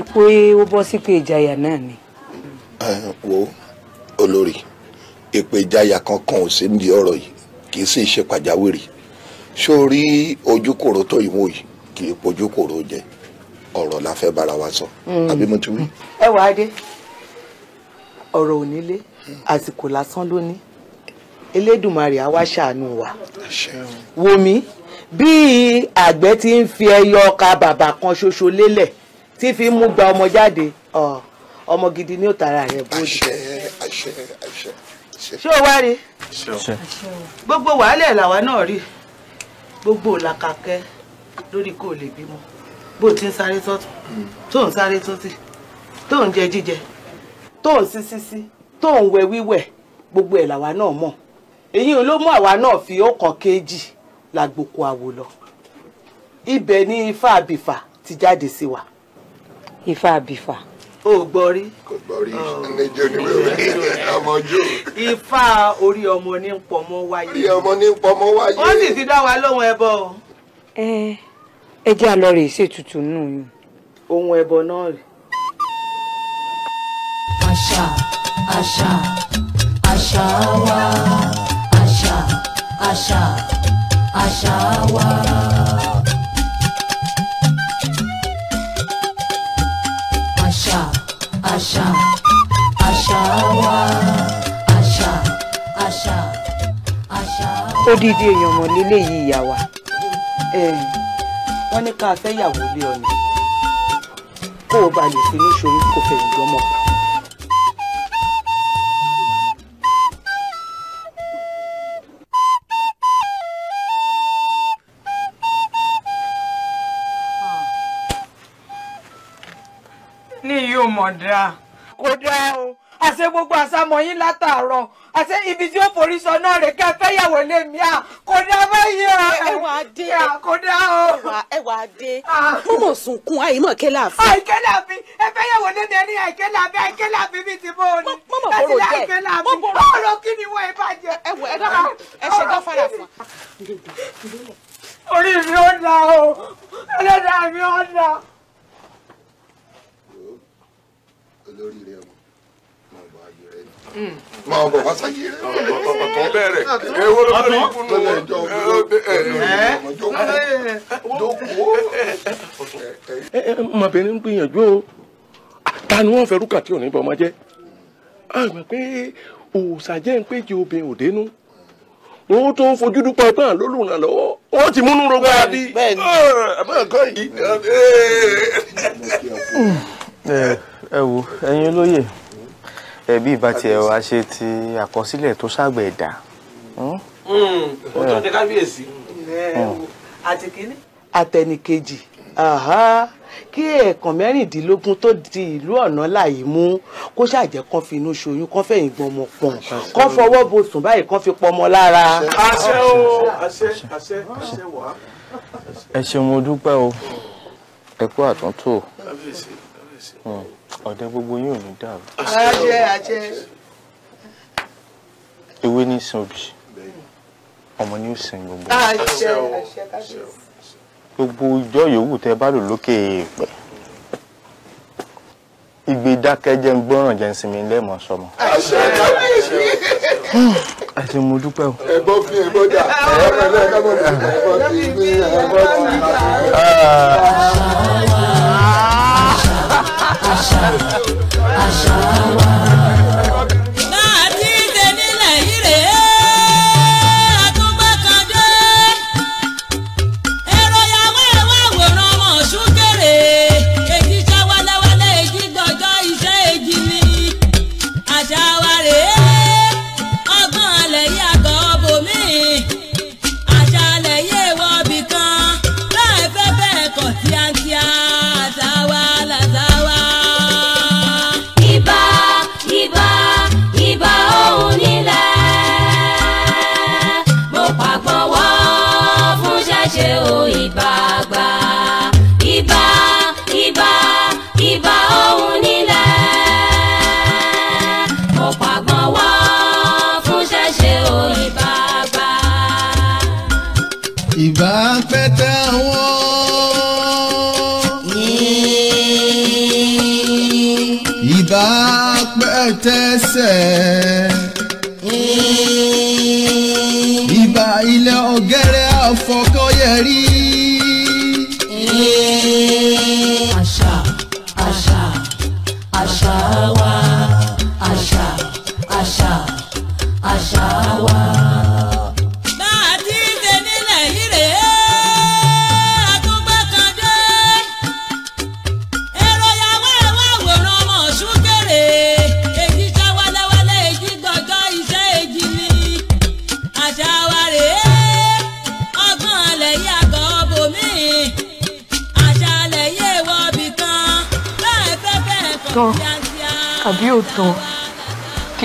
lórí pé ó bọ́ sí pé ìjayà náà ni. wo olórí èpè ìjayà kankan ò sí ní ọ̀rọ̀ yìí kì í sì ṣe pàjáwìrì ṣó rí ojúkòrò tó ìwò yìí kì í pojúkòrò jẹ ọ̀rọ̀ la fẹ́ bára wa sọ hmm. àbí mo ti wí. ẹ wàá dé ọ̀rọ̀ onílé àsìkò lásán lónìí elédùnmarè àwa ṣàánú wa wò mí bí àgbẹ̀ ti ń fi ẹyọ ọkà bàbà kan ṣoṣo lélẹ̀ tí fi mú gba ọmọ jáde ọmọ gidi ní òtara rẹ bóde. ṣé o wá rí gbogbo wàhálẹ̀ làwa náà rí gbogbo làkàkẹ́ lórí kò lè bímọ bó ti ń sáré sọ́tún tó ń sáré sósì tó ń jẹ jíjẹ tó ń sí sísí tó ń wẹ wíwẹ̀ gbogbo ẹ̀ làwa náà mọ̀ èyí ló mú àwa náà fi ọkàn kejì làgbòkò àwò lọ ibẹ̀ ni ifá àbìfà ti jáde sí wa ifá àbífà. o gbọ́ rí. kò gbọ́ rí ẹnìjọ ni wẹ́wẹ́ ọmọ jò. ifá orí ọmọ ní pọmọ wáyé. orí ọmọ ní pọmọ wáyé. wọ́n sì ti dá wa lóhun ẹbọ. ẹ ẹ jẹ́ àlọ́ rẹ̀ ṣètùtù nù yín. ohun ẹbọ náà rè. àṣà àṣà àṣà wa àṣà àṣà àṣà wa. àṣà àṣà wa àṣà àṣà àṣà. odidi èèyàn mọ̀ lílé yìí ìyá wa wọ́n ní ká fẹ́ yàwó lé ọ ni kó o bá lè fi níṣòro kó fẹ̀yìn gbọ́mọ̀. ní yóò mọ̀ dáa. kò dáa o àṣẹ gbogbo àṣàmọ yín látàárọ̀ àṣẹ ibi tí ó forí sọ náà rè ká fẹyàwó lé mi à kò dá báyìí o. ẹ wà á dé kò dá o. ẹ wà á dé mọ̀mọ́ sunkún àyè mọ̀ kẹ́lá àfi. àìkẹ́ làbí ẹ fẹyàwó lé mi ní àìkẹ́ làbí àìkẹ́ làbí mi ti bọ́ òní. mọ̀mọ́ bọ̀rọ̀ jẹ́ àìkẹ́ làbí ọ̀rọ̀ kí ni wọ́n ẹ bá jẹ. ẹ wọ ẹ dábàá ẹ ṣe gáfárà fún orí mi ò dá o ẹlẹ́dàá mi ò dá. olórí rẹ o máa bọ̀ ayé rẹ ni máa bọ̀ wáṣá yé rẹ. ọ̀tún bẹ̀rẹ̀ ewo lórí ìkúnnú ẹjọ́ jókòó. ọmọbìnrin ń gbìyànjú o ta ni wọ́n fẹ́ rúkà tí ò ní bọ́ ọmọ jẹ́ àmọ́ pé òòsà jẹ́ ń péjì obìnrin òdenu owó tó ń fojú dúpọ̀ náà ló lùràn lọ́wọ́ wọ́n ti múnú rogba bí. bẹ́ẹ̀ni bẹ́ẹ̀ni àmọ́ nǹkan yìí ẹ wo ẹ̀yin olóyè ẹbí ìbá tiẹ̀ wá ṣe ti àkọsílẹ̀ tó ṣàgbẹ̀ ẹ̀dá. Hmm? Hmm, ó tọ́ ní kábíyèsí. àti kínní. àtẹnìkejì kí ẹ̀ẹ̀kan mẹ́rìndínlógún tó di ìlú ọ̀nà láàyè mú kó ṣàjẹ́ kan fi inú ṣoyún kan fẹ̀yìn gbọ́n ọmọ pọ̀n kan fọwọ́ bo sùn báyìí kan fi pọmọ lára. àṣẹ o àṣẹ àṣẹ àṣẹ wà. ẹ ṣeun mo dúpẹ́ o ẹ kú àtúntò. Hmm. ọ̀dẹ gbogbo yín ò ní dàrú. àjẹ àjẹ. ewé ní sọ́ọ̀bì ọmọ ni ó sin gbogbo. àṣẹ àṣẹ kábíyèsí. gbogbo ìjọ yòówù tẹ bá lò lókè èèpẹ̀ igbe dákẹ́jẹ́ ń gbọ́ràn jẹ́ ń sinmi lẹ́ẹ̀mọ́ sọmọ. àṣẹ kábíyèsí. àti mo dúpẹ́ o. ẹ̀gbọ́n fi ẹ̀gbọ́n dà ẹ̀gbọ́n fi ẹ̀gbọ́n dà ẹ̀gbọ́n fi ẹ̀gbọ́n dà. Ah. Aṣa, àṣà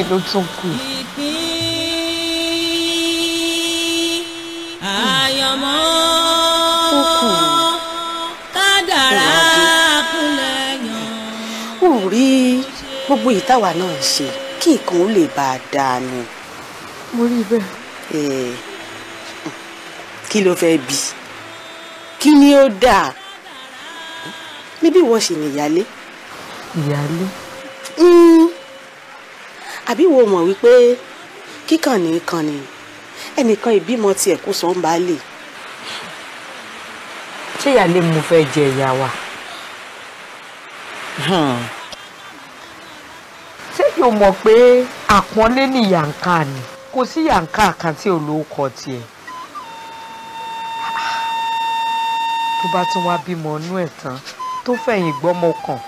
ló tún kù. àyànmọ́ kádàrá kúlẹ̀ rí gbogbo ìtawà náà ṣe kí nǹkan ó lè bá a dáa nù. mo rí bẹ́ẹ̀. kí ló fẹ́ bí kí ni ó dáa níbí ìwọ ṣì nìyálé. ìyálé. Yeah àbí wo mọ̀ wípé kíkànnì kànnì ẹnìkan ìbímọ tiẹ̀ kó sọ ń bá lè. ṣé ìyáálé mo fẹ́ jẹ ìyá wa. Hmm. ṣé yóò mọ̀ pé àpọ́nlé ní yàǹkà ni kò sí yàǹkà kan tí olóòkọ tiẹ̀. tó bá tún wá bímọ inú ẹ̀ tán tó fẹ̀yìn gbọ́mọ kàn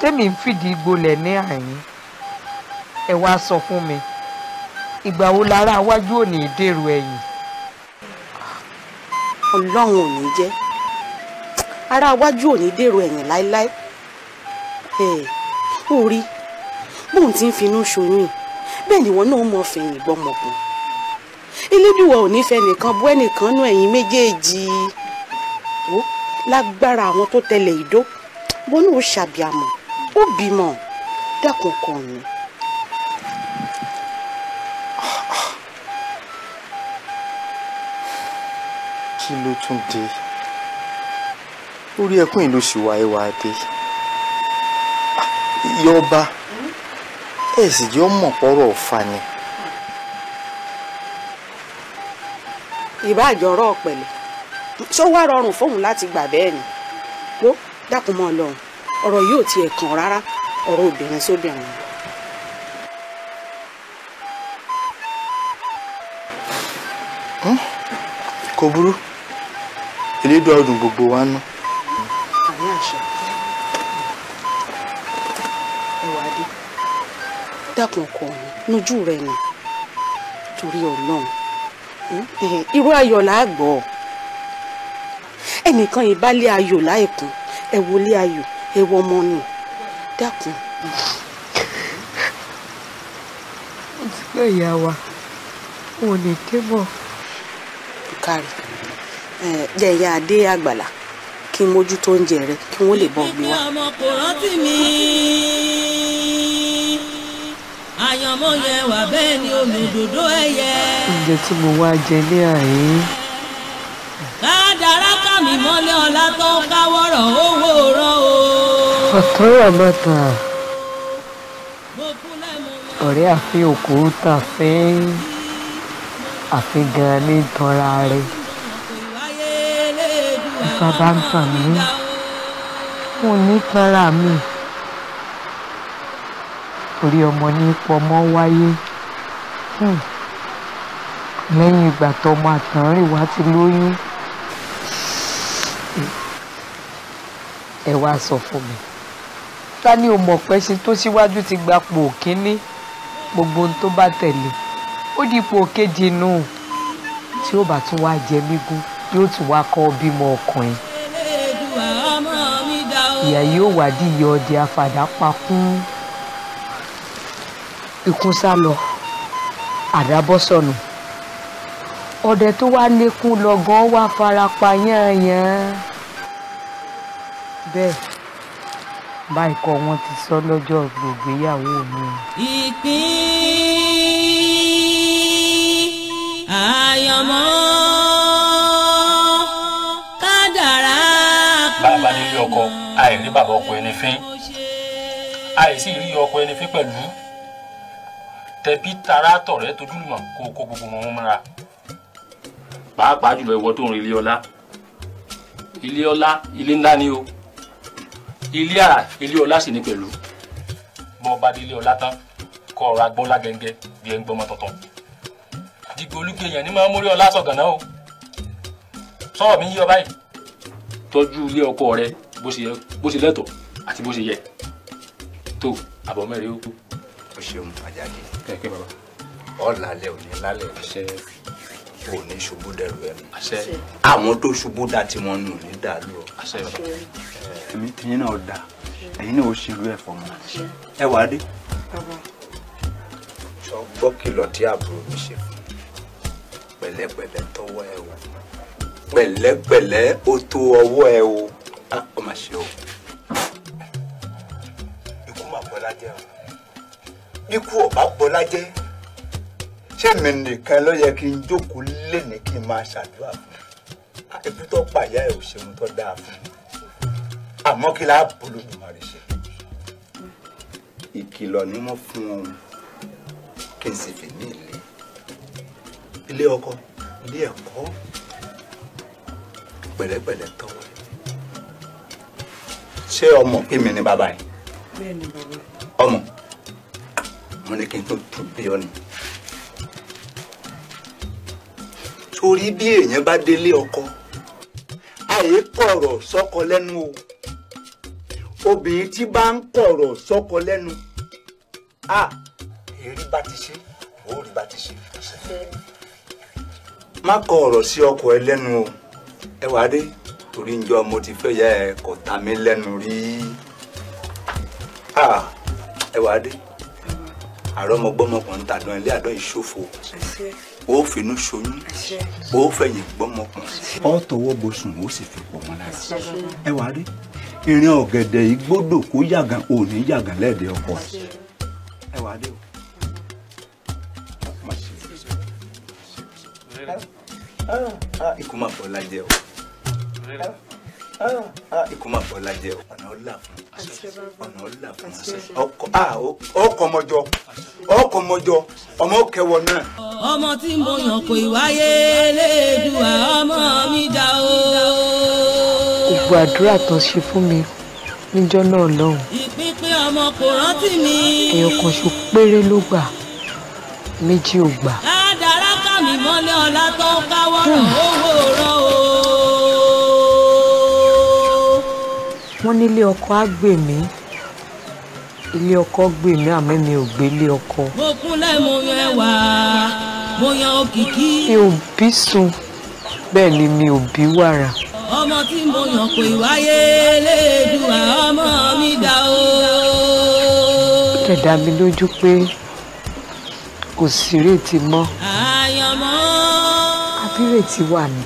tèmi ń fìdí gbolẹ̀ ní àyín ẹ wá sọ fún mi ìgbà wo lára iwájú ò ní dèrò ẹ̀yìn. ọlọ́run ò ní jẹ́ ara iwájú ò ní dèrò ẹ̀yìn láéláé ó rí bóun ti ń finú ṣoyún bẹ́ẹ̀ ni wọn náà mọ̀ fẹ̀yìn gbọ́mọkùn elédùwà ò ní fẹ́ nìkan bú ẹnìkan nú ẹ̀yìn méjèèjì ó lágbára àwọn tó tẹ̀lé ìdó bọ́nú ò ṣàbíàmọ̀ ó bímọ dákun kọ̀ kí ló tún dé orí ẹkún ìlú sì wá ẹwà dé yọba ẹ sì jẹ́ ọmọ pọ́rọ̀ ọ̀fà ni. ìbáàjọ ọ̀rọ̀ ọ̀pẹ̀lẹ̀ ṣó wá rọrùn fóun láti gbà bẹ́ẹ̀ ni wó dákun mọ́ ọlọ́run ọ̀rọ̀ yóò tiẹ̀ kàn rárá ọ̀rọ̀ obìnrin sóbìnrin. Hm? kò burú elédùn ọdún gbogbo wa nú. àmì àṣà ẹwà dé dákun ọkọ mi lójú rẹ nù torí Ọlọ́run hm? irú ayọ̀ làá gbọ́ ẹnìkan ìbálẹ ayọ̀ láìkún ẹ wọlé ayọ̀ ẹ wọ ọmọ nù dákun. ó ti gbọ́ ìyá wa wọn ò ní débọ̀. kárí jẹ̀yà eh, adé àgbàlá kí n mójútó oúnjẹ rẹ kí wọ́n lè bọ́ gbé wá. ọmọ kò rántí mi àyànmọ́ yẹn wà bẹ́ẹ̀ ni olùdòdó ẹ̀yẹ. oúnjẹ tí mo wá jẹ ní àyín. kádàrá kà mí mọ́lẹ̀ ọ̀la tó ń káwọ́rọ̀ owó rán o. ọ̀tọ́rọ̀ bàtà ọ̀rẹ́ àfi òkú tà fẹ́ àfi gan ní tanra rẹ̀ ìka bá ń kàn mí mo ní tanra mi orí ọmọ ní pọmọ wáyé hmm. lẹ́yìn ìgbà tọmọ àtànrìn wá ti lóyún ẹ wá sọ fún mi ta ni o mọ̀ pé ṣe tó síwájú ti gba pò kínní gbogbo ohun tó bá tẹ̀lé ó di pò kejì nù tí ó bá tún wá jẹ mí gún yóò tún wá kọ́ bímọ ọkùnrin ìyá yóò wádìí ìyá ọdẹ afàdá pa kún ikún sá lọ àdábọ́sọ̀nù ọdẹ tó wá lékún lọ́gán wá fara pa yán-yán bẹ́ẹ̀ báyìí kọ́ wọn ti sọ lọ́jọ́ gbògbéyàwó mi. ìpín àyànmọ́. àìrí bàbá ọkọ ẹni fín àìsí rí ọkọ ẹni fín pẹ̀lú tẹbí tará tọ̀rẹ́ tojúlùmọ̀ kó kó gbogbo wọn mọ́ra pàápàá jùlọ ìwọ tó ń rin ilé ọlá ilé ọlá ilé ńlá ni o ilé àrà ilé ọlá sì ni pẹ̀lú bọ́ bá délé ọlá tán kọ́ ọ̀rọ̀ agbọ́lá gẹ́gẹ́ bí ẹ ń gbọ́mọ tuntun dìgbò olúgbé yẹn ní máa mórí ọlá sọ̀gànná o sọ́ọ̀ mi yí ọ báyìí tọ́jú ilé ọkọ rẹ bó ṣe lẹ́tọ̀ àti bó ṣe yẹ tó àbọ̀ ó. o ṣeun àjàdí. ẹ pé bàbá. ọ̀làlẹ̀ òní lálẹ́ àṣẹ ò ní ṣubú dẹrù ẹnu. àṣẹ. àwọn tó ṣubú dá tí nù ní dàlú ọ. àṣẹ bàbá. èmi tiyín náà dà ẹ̀yin náà ó ṣerú ẹ̀ fọmọ. ẹ wàá dé. sọ gbọ́ kìlọ̀ tí àbúrò mi ṣe pẹ̀lẹ́pẹ̀lẹ́ tọwọ́ ẹ wò pẹ̀lẹ́pẹ̀lẹ́ ó tó ọwọ́ ẹ wò ọ ah, mà ṣe o ikú mà bọ́lá jẹ́ o ikú ọ̀bá bọ́lá jẹ́ ṣé mi nìkan ló yẹ kí n jókòó lé ní kí n máa ṣàdúrà fún ah, ibi tó pàyà ẹ̀ ò ṣeun tó dáa fún àmọ́ kí láà bolódùmarè ṣe ìkìlọ̀ ni wọ́n fún ọ kí n sì fi ní ilé ilé ọkọ ilé ẹ̀kọ́ pẹ̀lẹ́pẹ̀lẹ́ tọ́wọ́ ẹ̀. ṣé ọmọ pé mi ní bàbá yìí ọmọ mo ní kí n tó tún bí ọ ni torí bí èèyàn bá délé ọkọ àyè kọrọ sọ́kọ lẹ́nu o obìnrin tí bá ń kọrọ sọ́kọ lẹ́nu a èrí bá ti ṣe òórì bá ti ṣe má kọ ọ̀rọ̀ sí ọkọ ẹ lẹ́nu o ẹ wàá dé. torí njọ́ mo ti fẹ́ yẹ ẹ kò ta mí lẹ́nu rí ẹ wàá dé àrọ́mọgbọ́mọkùnrin tàdán ilé àdán ìṣòfò ó finú ṣoyún ó fẹ̀yìn gbọ́mọkùnrin ó tọwọ́ bọ̀sùn ó sì fi pọ̀ mọ́ lára ẹ wàá rí ìrìn ọ̀gẹ̀dẹ̀ yìí gbọ́dọ̀ kó yàgàn òní yàgàn lẹ́ẹ̀dẹ̀ ọkọ ẹ wàá rí o. ikú máa bọ̀ lájẹ o. Ah, ikú máa fọ lajẹ ọ̀nà ọ̀là fún ọ̀nà ọ̀là fún ọkọ̀ ah, ọmọjọ ọkọ̀ ọmọjọ ọmọ kẹwọ náà. ọmọ tí mo yàn kò ìwáyé lẹ́ẹ̀dùn ọmọ mi dá o. gbogbo àdúrà tó ṣe fún mi níjọ́ náà lọ́hùn. ìpínpín ọmọ kò rántí mi. èèyàn kan ṣo péré ló gbà méjì ò gbà. ládàá rákà mi mọ́lẹ̀ ọ̀la tó ń káwọ́ ràn owó. Hmm. wọ́n nílé ọkọ á gbè mí ilé ọkọ gbè mí àmọ́ mi ò gbé ilé ọkọ. mo kúnlẹ̀ mo yẹ wá mo yan òkìkí. mi ò bí sùn bẹ́ẹ̀ ni mi ò bí wàrà. ọmọ tí mo yàn pé wáyé lẹ́ẹ̀dùn ọmọ mi dá o. ó dẹ̀ dá mi lójú pé kò sí ìrètí mọ́. àyànmọ́. àbí ìrètí wà ní.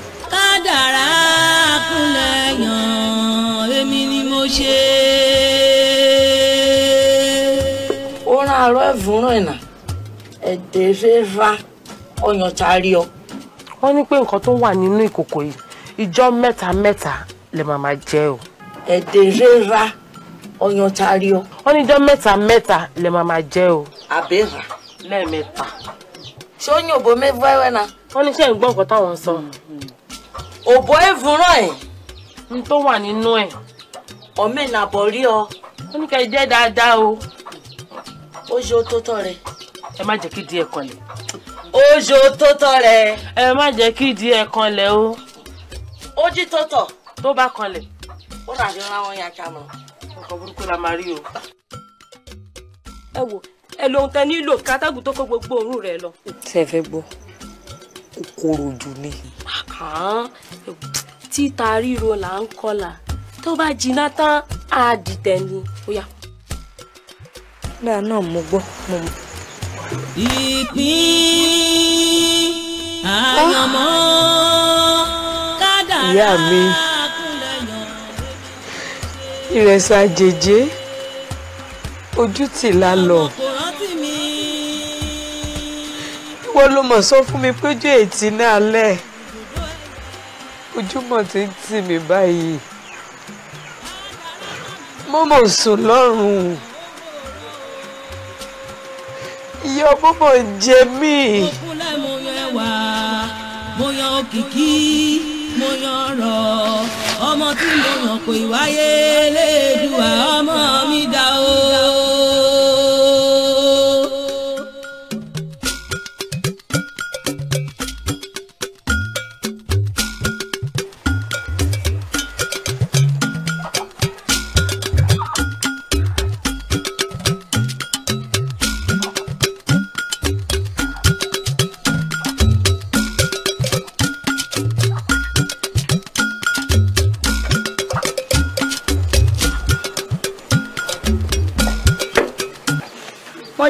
arụ evụrụ ị na ẹ̀dẹ̀ fẹ́fà ọyàn tari ọ. wọ́n ní pé nǹkan tó wà nínú ìkòkò yìí ìjọ mẹ́ta mẹ́ta lè jẹ o. ẹ̀dẹ̀ fẹ́fà ọyàn tari ọ. wọ́n ní ìjọ mẹ́ta mẹ́ta lè màmá jẹ o. àbẹ̀rà lẹ́ẹ̀mẹ́ta. ṣé ó ní òbó mẹ́fà ẹ̀wẹ̀ nkọta wọ́n ní sẹ́yìn gbọ́ nǹkan táwọn sọ. òbó èvùrọ̀ ẹ̀. n ọ. o. ojo tó tọ́ rẹ. ẹ má jẹ́ kí di ẹ̀ kanlẹ̀. ojo tó tọ́ rẹ. ẹ má jẹ́ kí di ẹ̀ kanlẹ̀ o. ojú tó tọ̀. tó bá kanlẹ̀. ó rà ní ra wọn yà ká mọ. ọkọ̀ burúkú la máa rí o. ẹ wo ẹ lóhun tẹ nílò kátàgùn tó kó gbogbo òórùn rẹ lọ. tẹ fẹ́ gbọ́ kòkòrò jù ni. títa ríro là ń kọlà tó bá jiná tán á dìtẹ̀ ni ó yá dáa náà mo gbọ́ mo mọ̀. ìpín àyànmọ́ kádàrá ìyá mi ìrẹsà jèjé ojú tì lálọ ìwọ ló mọ̀ sọ fún mi pé ojú ètí náà lẹ̀ ojúmọ̀ ti ń tì mí báyìí mo mọ̀ sùn lọ́rùn ìyá ọmọọmọ ń jẹ mí. òkúlẹ̀ mo yan ẹwà mo yan òkìkí mo yan ọ̀rọ̀ ọmọ tí mo yàn kò ìwáyé lẹ́ẹ̀dùwà ọmọ mi dá.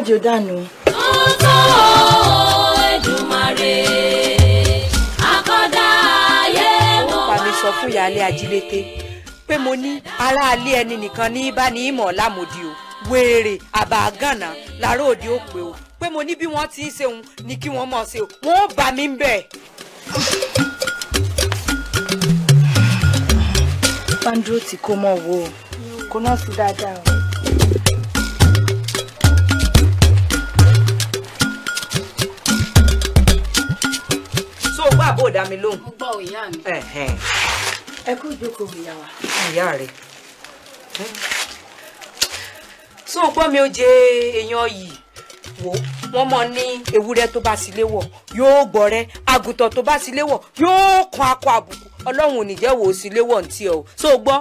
jò dànù. tuntun Èdùmàrè akọ́dá ayé wọn. fún ìyáálé ajílété pé mo ní aráalé ẹni nìkan ní bá ní ìmọ̀ lámòdì o wèrè àbàgànà làárọ̀ òde ó pé o pé mo ní bí wọ́n ti ń ṣe òun ni kí wọ́n mọ̀ ṣe o wọ́n ó bà mí ń bẹ̀. pandro tí kò mọ̀ wo kò náà sí dáadáa o. ò dá mi lóhùn. gbọ́ ìyá mi. ẹ kú ìjókòó ìyá wa. ìyá rẹ so gbọ́ mi ó jẹ èèyàn yìí wò wọ́n mọ̀ ní ewúrẹ́ tó bá sílé wọ̀ yóò gbọ́rẹ́ àgùntàn tó bá sílé wọ̀ yóò kan akọ àbùkù ọlọ́run ò ní jẹ́ wò ó sílé wọ̀ ntí ọ so gbọ́.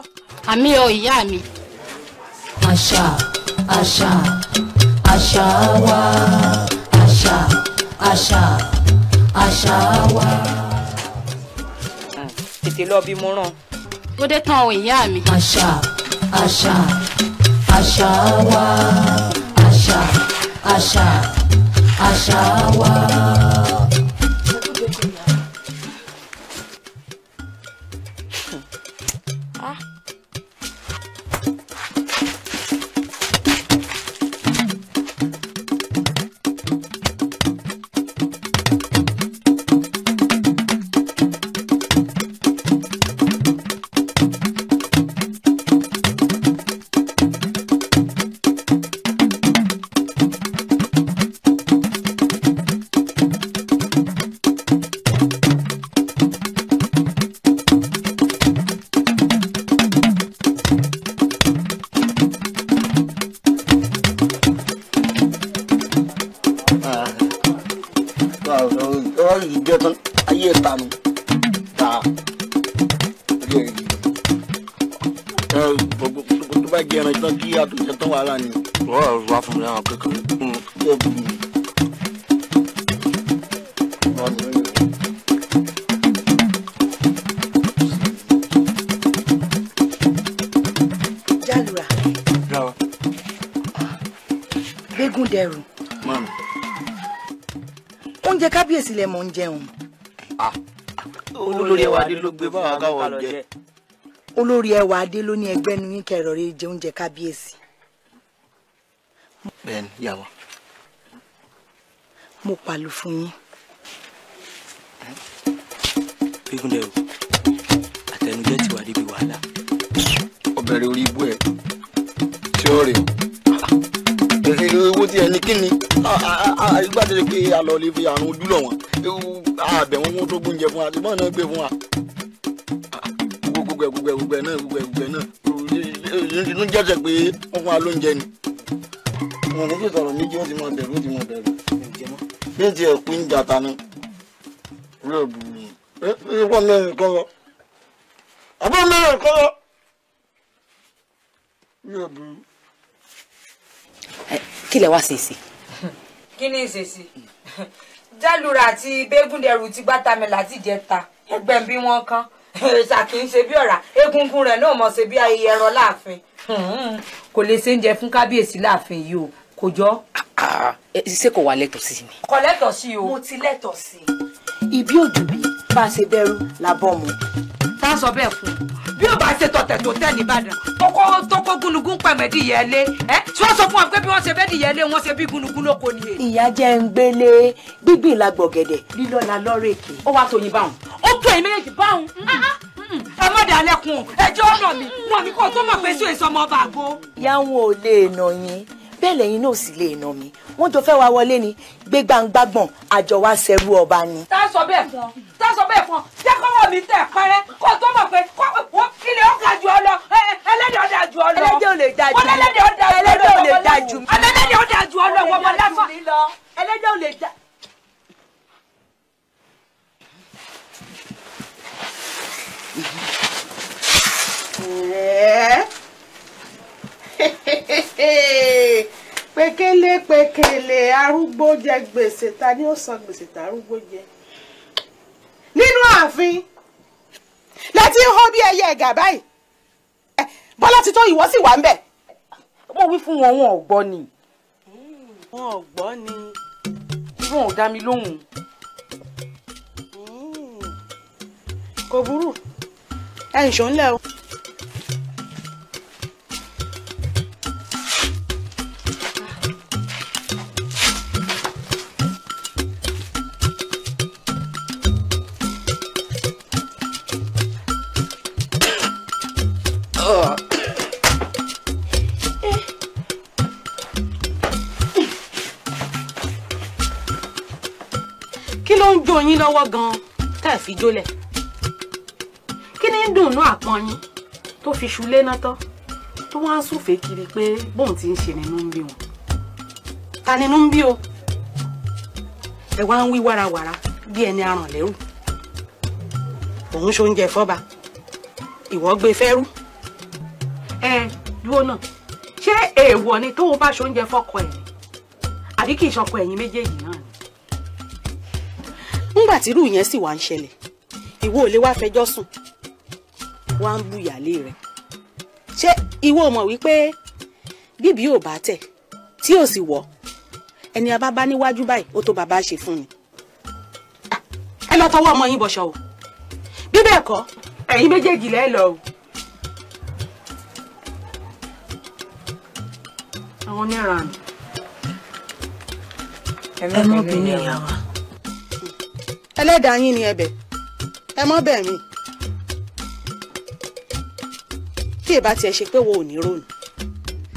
àmì ọ ìyá mi. àṣà àṣà àṣà wa àṣà àṣà àṣà wa tètè lọ bí mo ràn. ó dé tán ohun ìyá mi. àṣà àṣà àṣà wa àṣà àṣà àṣà wa. gbàlúrà. rawa. gbégún dẹrù. mami. oúnjẹ kábíyèsí lẹ mọ̀ ń jẹun. Ah. olórí ẹwà adé ló gbé báwa káwọn jẹ. olórí ẹwà adé ló ní ẹgbẹ́ nu yín kẹrọ rẹ jẹ oúnjẹ kábíyèsí. bẹ́ẹ̀ni yàwó. mo pàlù fún yín. gbégún dẹrù àtẹnujẹ tiwa débi wàhálà bẹ̀rẹ̀ orí ibú ẹ̀ tí ó rè o èrè owó tí ẹni kíni ìgbà tó ṣe pé alọ́ lè fi àrùn ojú lọ̀ wọ́n àbẹ̀ wọn wọn tó gbóúnjẹ fún wa àti bọ́ọ̀ náà gbé fún wa gbogbo ẹ̀ gbogbo ẹ̀ gbogbo ẹ̀ náà gbogbo ẹ̀ gbogbo ẹ̀ náà ló ń jẹ́sẹ̀ pé wọ́n fún wa lóúnjẹ ni wọn kò fi sọ̀rọ̀ méjì wọ́n ti mọ bẹ̀rù ó ti mọ bẹ̀rù ní ti ẹ̀kú ń jata ni lóògùn mi ẹ ẹ wọ́n mẹ́rin kọ́ lọ àbọ̀ mẹ́rin kọ́ lọ yóò burú. kí lẹ wá ṣe sí. kí ni ìṣèṣì jálùrà àti bẹ́gúndẹ̀rù ti gbátamẹ́lá ti jẹ́ ta ẹgbẹ́ bí wọ́n kán ṣàkì ń ṣe bí ọ̀rá egungun rẹ̀ náà mọ̀ ṣe bí ayẹyẹ ẹran láàfin kò lè ṣe oúnjẹ fún kábíyèsí láàfin yìí o kò jọ. ṣé kò wá lẹ́tọ̀ sí mi. kò lẹ́tọ̀ sí o. mo ti lẹ́tọ̀ sí i. ibi òdùbí bá a ṣe bẹ̀rù làbọ̀ mu. tá a sọ bẹ́ẹ̀ fún un bí ó bá ṣe tọ̀tẹ̀ tó tẹ̀ nìbàdàn kókó tókó gúnugún pẹ̀mẹ́ di yẹlé ẹ tí wọ́n sọ fún wa pé bí wọ́n ṣe bẹ́ẹ̀ di yẹlé wọ́n ṣe bí gúnugún ló kò ní. ìyá jẹ́ ń gbélé gbígbìn la gbọ̀gẹ̀dẹ̀ lílọ́ la lọ́rẹ̀kì. ó wá tó yín báwọn ó tó ẹ̀yin méjèèjì báwọn ah, ah, ẹ má dà lẹ́kùn ẹjọ́ ọ̀nà mi wọn mi kò tó mọ̀ pé sóyè sọmọ ọba yáwọn ò lè nà yín bẹ́ẹ̀ lẹ́yìn náà sì lè nà mí wọ́n jọ fẹ́ wá wọlé ni gbégbàǹgbàgbọ̀n àjọ wa ṣẹrú ọba ni. tá a sọ bẹ́ẹ̀ fún ọ tá a sọ bẹ́ẹ̀ fún ọ jẹ́ kọ́wọ́ mi tẹ̀ pẹ́rẹ́ kó o tó mọ̀ pé kó ilẹ̀ ó ga jù ọ lọ ẹlẹ́dẹ̀ ó da jù ọ lọ. ẹlẹ́dẹ̀ ó lè da jù mí ẹlẹ́dẹ̀ ó da jù mí ẹlẹ́dẹ̀ ó da jù ọ lọ ẹlẹ́dẹ̀ ó lè da. ẹ̀ẹ́ pẹ̀kẹ́lẹ́ pẹ̀kẹ́lẹ́ arúgbó jẹ gbèsè ta ni ó san gbèsè ta arúgbó jẹ nínú ààfin láti ń hó bí ẹyẹ ẹ̀gà báyìí eh, bọ́lá ti tó ìwọ sì wà ń bẹ̀. mo wí fún wọn wọn ò gbọ́ ni. Hmm, wọn ò gbọ́ ni. wọn ò dá mi lóhùn. Hmm, kò burú ẹ̀ ń ṣòǹlẹ̀ o. lọ́wọ́ gan-an tẹ́ ẹ̀ fi jólẹ̀ kí ni dùnnú àpọ́n yín tó fi ṣulé náà tán tó wá ń súfèé kiri pé bóun ti ń ṣe nínú ń bí wọn ta nínú ń bí o ẹ wá ń wí wàràwàrà bí ẹni aràn lẹ́rù òun ṣoúnjẹ fọ́ba ìwọ gbé fẹ́rú ẹ dúró náà ṣé èèwọ̀ ni tó o bá ṣoúnjẹ fọ́kọ ẹ̀yìn àbí kì í ṣọkọ ẹ̀yìn méjèèjì náà ni nígbà tí irú yẹn sì wá ń ṣẹlẹ̀ ìwọ ò lè wá fẹjọ́ sùn wá ń bu ìyàlé rẹ̀ ṣé ìwọ mọ̀ wípé bíbí ò bá tẹ̀ tí ò sì wọ̀ ẹni a bá bá níwájú báyìí ó tó bàbá ṣe fún ni ẹ lọ tọwọ́ ọmọ yín bọ̀ṣọ o bí bẹ́ẹ̀ kọ́ ẹ̀yin méjèèjì lẹ́ lọ o. àwọn oníranù. ẹ mọ bínú ìyá wa ẹlẹ́dàá yín ni ẹ̀bẹ̀ ẹ mọ́ bẹ̀ mí tí èbá tiẹ̀ ṣe pé wo ò ní ronú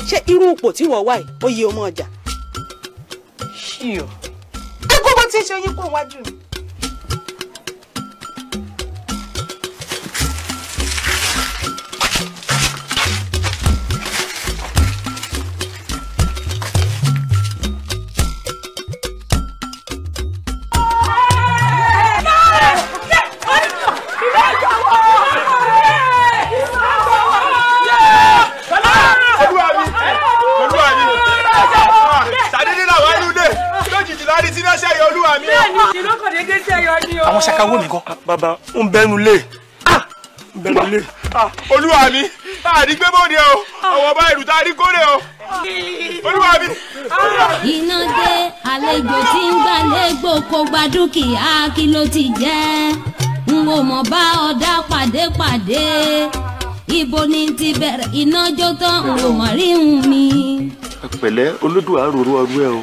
ṣé irú ipò tí wọ́n wà yìí ó yẹ ọmọ ọjà. ṣí ẹ gbogbo tí ń ṣe yín kó wájú mi. bàbá ń bẹnu lé ah! ń bẹnu lé. Ah! Ah! olúwa mi àdìgbébòde o àwọn ọba ìlú tá a rí kórè o olúwa mi. iná dé àlejò tí ń gbàlégbò kò gba dúkìá kí ló ti jẹ́ n ò mọ̀ bá ọ̀dà pàdépàdé ibo ni ti bẹ̀rẹ̀ iná jó tán n ò mọ̀ rí hun mi. pẹ̀lẹ́ olódùà àròrò ọdún ẹ o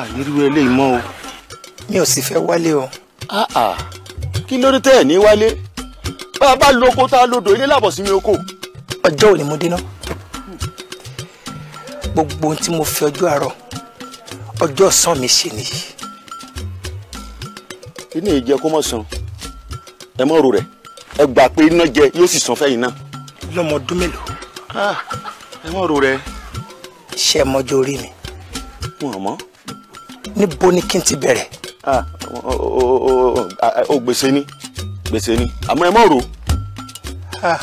àyẹ̀rú ẹ lè mọ́ o. mi ò sì fẹ́ wálé o. Ah ah kí ló dé tẹ́ ẹ̀ ní wálé bá a bá lóko tá a lodò ilé làbọ̀ sí mi oko. ọjọ́ òní mo dínà gbogbo ohun tí mo fi ọjọ́ àárọ̀ ọjọ́ ọ̀sán mi ṣe nìyí. inú ìjẹ kó mọ̀ san ẹ mọ̀ ro rẹ̀ ẹ gbà pé iná jẹ yóò sì san fẹ́yìn náà. lọ́mọ ọdún mélòó. Ah, ẹ mọ̀ ro rẹ̀. ṣé ẹ mọjú orí mi. mo mọ̀. níbo ni kí n ti bẹ̀rẹ̀. Ah, o gbèsè ni gbèsè ni àmọ́ ẹ mọ̀ rò. Ah.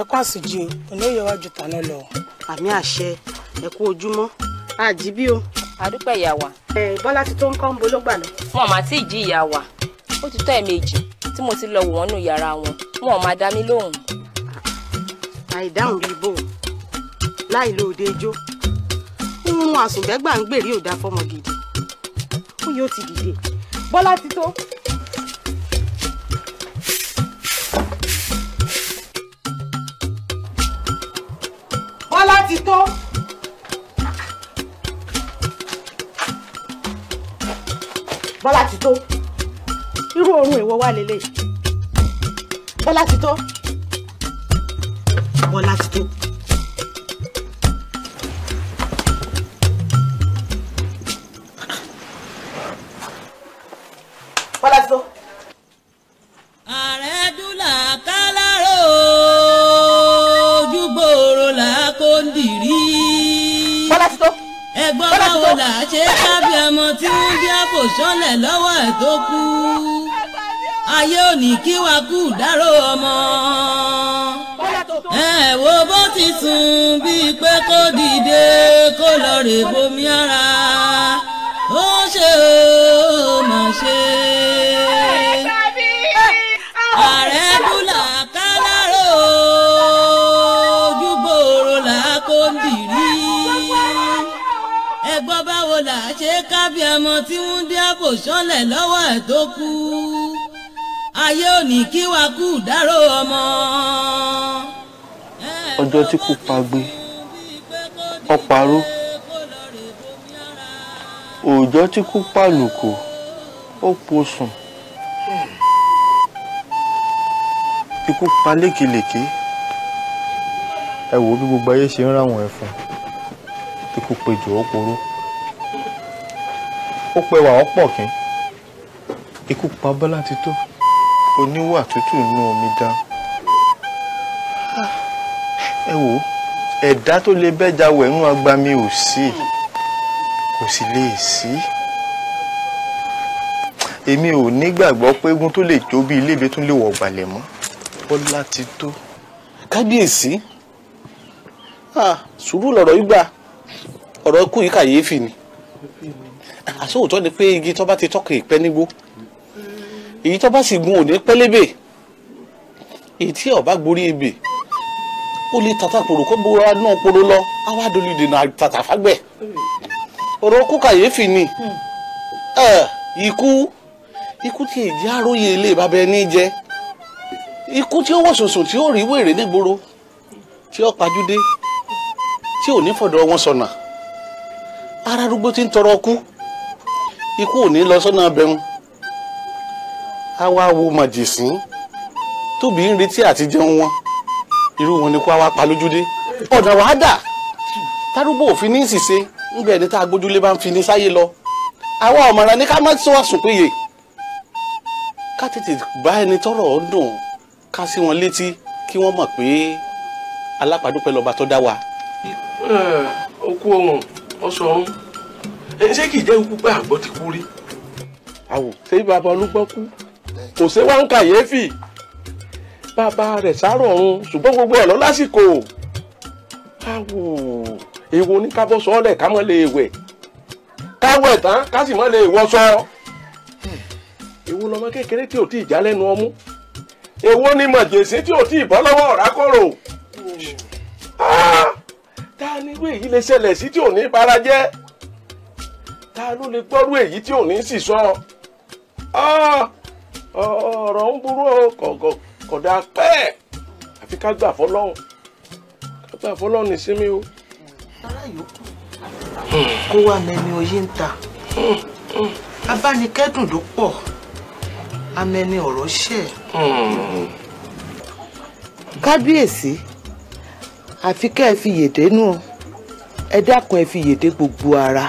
ẹ kó àsìjì o olóyè wájú tàná lọ. àmì àṣẹ ẹ kú ojúmọ́ àjíbí o. àdúpẹ́ ìyá wa. ẹ bọ́lá ti tó ń kọ́ ń bolo gbà náà. wọn ò máa tí ì jí ìyá wa ó ti tó ẹ̀ẹ̀mejì tí mo ti lọ wò nù yàrá wọn wọn máa dá mi lóhùn. àìdáhùn bíi bò láì lo òde ijó ohun àsùnbẹ́gbà ń gbèrè ò fọmọ gidi ó yóò ti dìde bọ́lá ti tó tó. bọ́lá ti tó irú oorun èwo wà lélẹ̀ bọ́lá ti tó bọ́lá ti àwọn tí wọ́n gbé àpò sọ́lẹ̀ lọ́wọ́ ẹ̀ tó kú ayé ò ní kí wàá kú dárò ọmọ ẹ wo bó ti sùn bíi pé kó dìde kó lọ rè bomi ara ó ṣe o. alábìàmọ tí wúndíá kò ṣọlẹ̀ lọ́wọ́ ẹ̀ tó kú ayé ò ní kí wa kú dárò ọmọ. ọjọ́ tí kò pagbe ọparó òòjọ́ tí kò pàlùkò ó posùn ikú pa lékelèké ẹ wò bí gbogbo ayé ṣe ń ráwọn ẹ̀fọn ikú pejò ó poró kó pẹ́ wà ọ́pọ̀ kín ikú pa bọ́lá ti tó oníwà tútù nú omi dán ah, ẹ wò ẹ̀dá tó lè bẹ́jà wẹ̀rún agbami ò sí kò sì lè sí èmi ò nígbàgbọ́ pé egun tó lè jó bí iléèbé tún lè wọ̀ gbàlẹ̀ mọ́ bọ́lá ti tó. kábíyèsí ah, sùúrù lọ̀rọ̀ yìí gbà ọ̀rọ̀ ikú yìí kàyéfì ni àṣòótọ́ ni pé igi tó bá ti tọ́kì ìpẹ́ nígbó èyí tó bá sì gun òní pẹ́lẹ́bẹ̀ èyí tí ọba gborí ebè ó lè tata kòrò kó bóra náà poro lọ àwa dolè dènà tata fagbẹ́ ọ̀rọ̀ kó kàyéfì ni ikú ikú tí èjì àròyé ilé bàbá ẹni jẹ ikú tí ó wọ̀sọ̀sọ̀ tí ó rí wèrè nígboro tí ó pajúdé tí ò ní fọ̀dọ̀ wọn sọ̀nà ara arúgbó ti ń tọrọ kú ikú ò ní lọ sọ́nà abẹ́rún á wá wo màjèsín tóbi ń retí àti jẹun wọn irú wọn ni kó wá pa lójúdé ọ̀nà wàá dà tárúbọ̀ òfin ní ìsìse ńgbẹ́ ẹni tá a gbójúlé bá ń fi ní sáyé lọ àwa ọ̀mọ̀ràn ní ká má tí wọ́n sùn péye ká tètè bá ẹni tọrọ ọ dùn ká sí wọn létí kí wọ́n mọ̀ pé alápàdúpẹ́ lọ́ba tó dá wa. ẹ ẹ okú ohun ọsàn ọhún ṣé kì í jẹ́ ikú pé àgbọ̀ ti kú rí. àwò ṣé bàbá olúgbọ́n kú kò ṣe wá ń kàyéfì bàbá rẹ̀ sárọ̀ ọ̀run ṣùgbọ́n gbogbo ẹ̀ lọ lásìkò àwò èwo ní ká bọ́ sọ́ọ́lẹ̀ ká mọ́ lè wẹ̀ ká wẹ̀ tán ká sì mọ́ lè wọṣọ èwo lọmọ kékeré tí ò tí ì já lẹ́nu ọmú èwo ni mọ̀jèsí tí ò tí ì bọ́ lọ́wọ́ ọ̀rá kòrò ah! ta ni wéyí lè ṣẹlẹ̀ sí tí ò ní bara jẹ́ ta ló lè gbọ́rú èyí tí ò ní sì sọ ah, ọ̀rọ̀ ń burú kọ̀dà pẹ́ àfi ká gbà fọlọ́hún ká gbà fọlọ́hún nísinmi o. ará yòókù kó wá mẹni oyé ń ta abánikẹ́dùn ló pọ̀ amẹni ọ̀rọ̀ ṣẹ̀. kábíyèsí àfi kẹ́ ẹ fi yèdè nù ẹ dákun ẹ fi yèdè gbogbo ara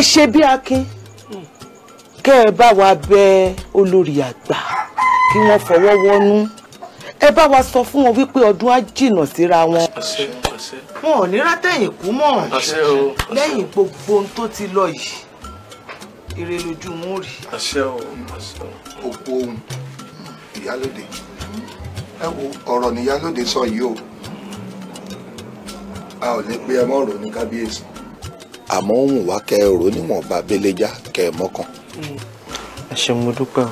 ẹ ṣe bí akin kẹ́ ẹ bá wa bẹ olórí àgbà kí wọ́n fọwọ́ wọnú ẹ bá wa sọ fún wọn wípé ọdún á jìnnà síra wọn. wọn ò ní rátẹ̀yìn kú mọ́ lẹ́yìn gbogbo ohun tó ti lọ yìí ire lójú wọn ò rí. òpó ohun ìyálóde ẹ wo ọ̀rọ̀ níyálóde sọ yìí o a ò lè pe ẹ mọ́ ọ̀rọ̀ ní kábíyèsí àmọ́ ó wùn wá kẹ́ ẹ rò níwọ̀nba ẹ ṣe mo dúpẹ́ o.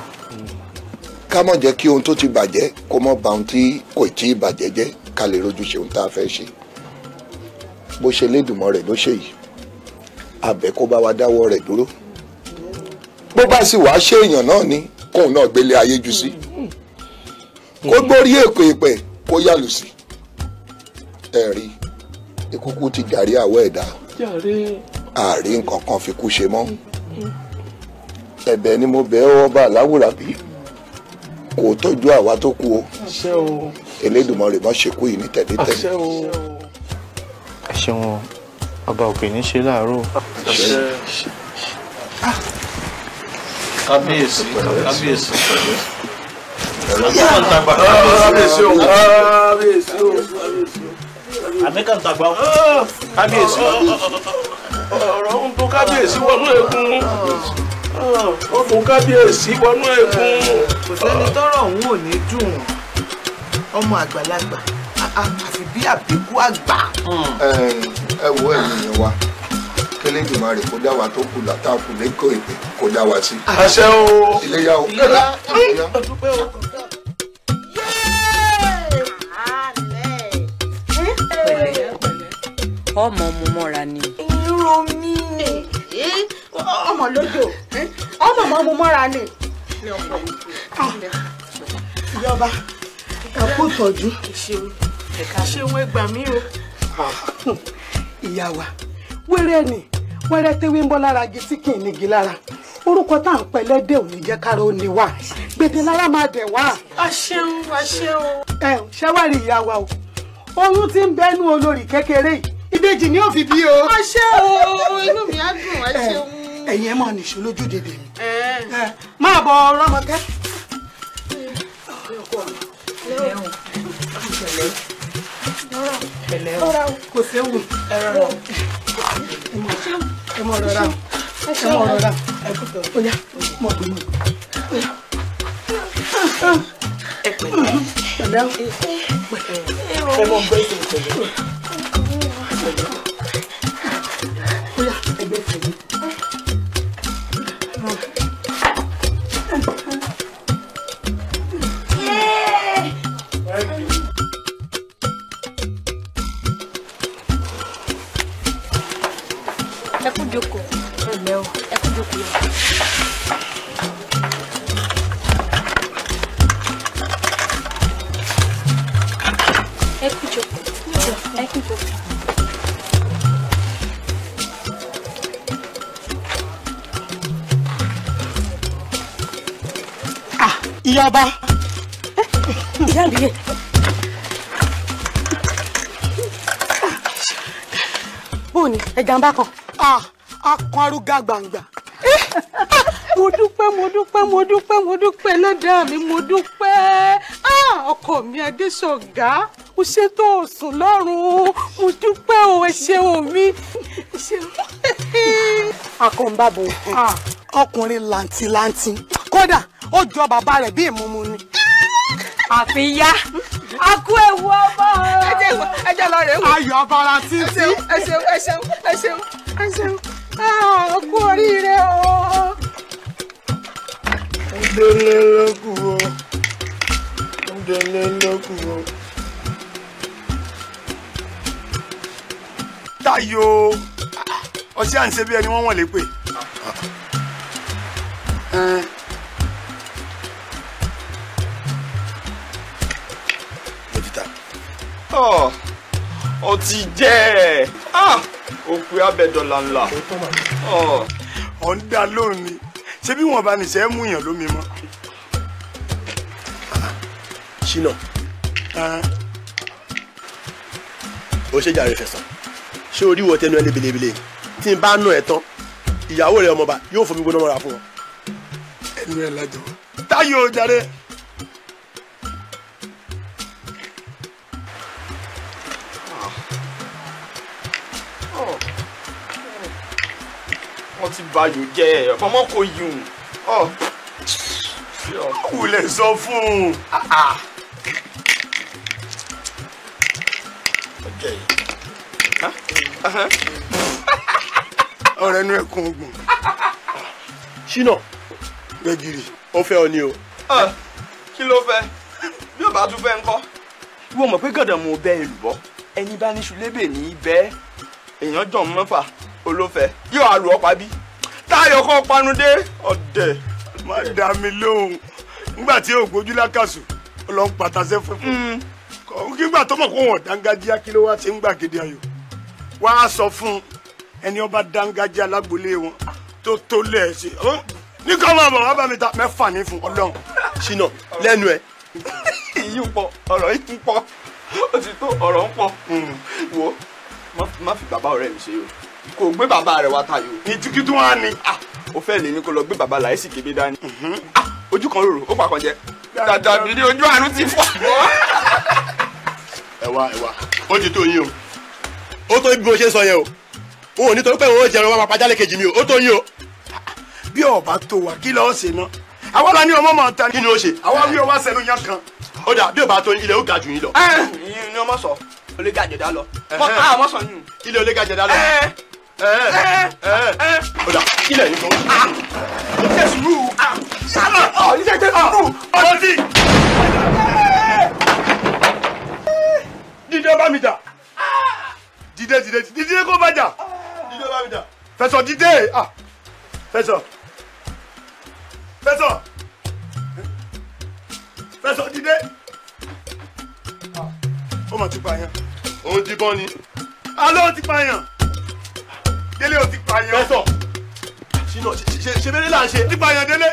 ká mọ̀ jẹ́ kí ohun tó ti bàjẹ́ kó mọ̀ ba ohun tí kò tí ì bàjẹ́ jẹ́ ká lè rojú ṣe ohun tá a fẹ́ ṣe bó ṣe lédùmọ̀ rẹ̀ ló ṣe yìí àbẹ̀ kó bá wa dáwọ́ rẹ̀ dúró bó bá sì wàá ṣe èèyàn náà ni kóun náà gbélé ayé jù sí kó gbórí èpè èpè kó yàlù sí ẹ̀rí ikúkú ti jàrí àwọ̀ ẹ̀dá jàre. ààrí nǹkan kan fi kú ṣe mọ́ ẹ̀bẹ̀ ni mo bẹ̀ ọ́ ọba aláwùrà bí kò tọ́jú àwa tó kú o Elédùmarè má ṣe kú yìí ní tẹ̀lé-tẹ̀lé. ẹ ṣeun ọba òkè ní ṣe láàárọ̀. kábíyèsí kábíyèsí kábíyèsí o kábíyèsí o àmì kan tàgbà ó. kábíyèsí ọ̀rọ̀ ń tó kábíyèsí wọnú ẹ̀kún ó fún kábíyèsí wọnú ẹ̀kún. kò sẹ́ni tọ́rọ̀ òun ò ní dùn ọmọ àgbàlagbà àfi bí àbíkú àgbà. ẹ wo ènìyàn wa kélédìmọ̀ rẹ̀ kó dá wa tó kù látàkùn lẹ́kọ̀ọ́ ìpè kó dá wa sí. àṣẹ o. iléyà o. iléyà o. ọmọ mu ni. irú mi eh, eh, eh, ni ọmọ lójó ọmọ ọmọ ni. ìjọba ẹ kú ìtọ́jú. ṣé wọn o. ìyá wa ni ń lára igi tí kì í lára orúkọ tá à ń ò ní gbèdé lára máa wá. a ṣeun a ṣeun. ẹ ìyá wa o oyún ti ń bẹ́nu ìbejì ni ó fi bí o. a ṣe o inú mi á dùn ẹ eh, ṣeun. ẹ̀yin ẹ máa nìṣó lójúde dèmi. Eh. Eh, máa bọ rọmọkẹ. kò séwu ẹ rọra ẹ mọ rọra ẹ mọ rọra ẹ kò tó ó yá mọ bí mọ ó yá. ẹ pẹ̀lẹ́ ẹ mọ gbé ìṣòro pẹ̀lẹ́. Thank you. ẹ̀jàmbá kan. akọrúgà gbangba. mo dúpẹ́ mo dúpẹ́ mo dúpẹ́ mo dúpẹ́ lọ́dà mi mo dúpẹ́ ọkọ mi adéṣọ̀gá mo ṣètò òsùn lọ́rùn mo dúpẹ́ o ẹ ṣeun mi. akọ̀ǹbàbò ọkùnrin làǹtìlanti kódà ó jọ bàbá rẹ̀ bí ìmúmu ni. àfi ya a kú ewu ọmọ rẹ ẹwọ ẹjẹ lọ rẹ wò. ayọ̀ abala títí. ẹ ṣeun ẹ ṣeun ẹ ṣeun ẹ ṣeun ẹ ah, kú oríire o. ndélé ló kù o ndélé ló kù o. Táyọ̀ ọṣẹ à ń ṣe bí ẹni wọ́n wọ̀n lépè. Eh, ọtí ah, jẹ́ òkú ah, abẹ́dọ̀là ńlá. ọ̀ ah. ń dá lóhùn ni ṣé bí wọ́n bá nìṣẹ́ mú yàn lómi mọ́. ṣìnà ó ṣe jàre fẹ̀sán ṣé orí wo tẹnu ẹni belebele tí n bá nù ẹ tán ìyàwó rẹ ọmọba yóò fomi gbóná mọ́ra fún ọ. ẹnu ẹ lajọ táyọ̀ jàre. ti bàyò jẹ́ fọmọ kò yùn ọ wulẹ̀ sọ fún un. Ah, ah. ọ̀rẹ́ inú ẹkún ogun. ṣínà gbẹ̀gìrì ó fẹ́ ọ ni o. Ah, kí ló fẹ́ bí ó bá tún fẹ́ ńkọ́. wọ́n mọ̀ pé gàdàn mo bẹ́ èlùbọ́ ẹni bá níṣu lébè ní í bẹ́ èèyàn jọ̀ mọ́fà olófẹ́ yóò àlù ọ́ pa bí táyọ̀ kan panu dé ọ̀dẹ̀ má dá mi lóhùn nígbà tí ò gbójú lákàsù ó lọ ń pàtàṣẹ fún un nígbà mm. tó mọ̀ kó wọ́n dángájíá kí ló wá ti ń gbàgede ayò wá á sọ fún un ẹni ọba dángájíá lágbolé wọn tó tó lẹ̀ ṣe ní kọ́ máa bọ̀ wá bá mi ta mẹ́fà ní fún ọlọ́run ṣìnà lẹ́nu ẹ̀. èyí ń pọ ọ̀rọ̀ yìí ń pọ ó ti tó ọ̀rọ̀ ń pọ mm. wò má fi bàbá ọ̀rẹ́ mi ṣe yìí o kò gbé bàbá rẹ̀ wá tayò. ìtìkí tó wá ni. Ah, ó fẹ́ lèmi kó lọ gbé bàbá láì sì kébé dání. Mhm. Ah, ojú kan rorò ó pàkan jẹ dàdà bìrì ojú àánú ti fọ. ẹ wá ẹ wá ó ti tó yín o ó tó bí mo ṣe sọ yẹn o n ò nítorí pé òun ò jẹun wọn pàjálẹ̀ kejì mi o ó tó yín o. bí ọba tó wà kí lọ́ọ́ ṣe ná àwa la ní ọmọ máa ta kí ni ó ṣe. àwa wí ọwọ́ sẹ́nu yẹn kan. ó dà bí ọba tó ilẹ̀ ó ga jù yín lọ. ẹ ẹ ni ọmọ sọ olégàjẹdá lọ. Ah, mọ àwọn sọ yín. ilé olégàjẹdá lọ ọ̀dà ilẹ̀ yìí tó. iṣẹ́ ah! sùúrù sálọ iṣẹ́ iṣẹ́ sùúrù ah! ọ̀dọ́sí. dídé bá mi jà dídé dídé dídé kó bá jà dídé bá mi jà fẹsọ̀ dídé ah! fẹsọ̀ fẹsọ̀ fẹsọ̀ dídé ó mà ti pààyàn òun ti bọ́ ni aló ti pààyàn délé o ti pààyàn. pẹ́sọ̀ ṣìnà ṣe mẹ́rin là ń ṣe. nípa àyàn délé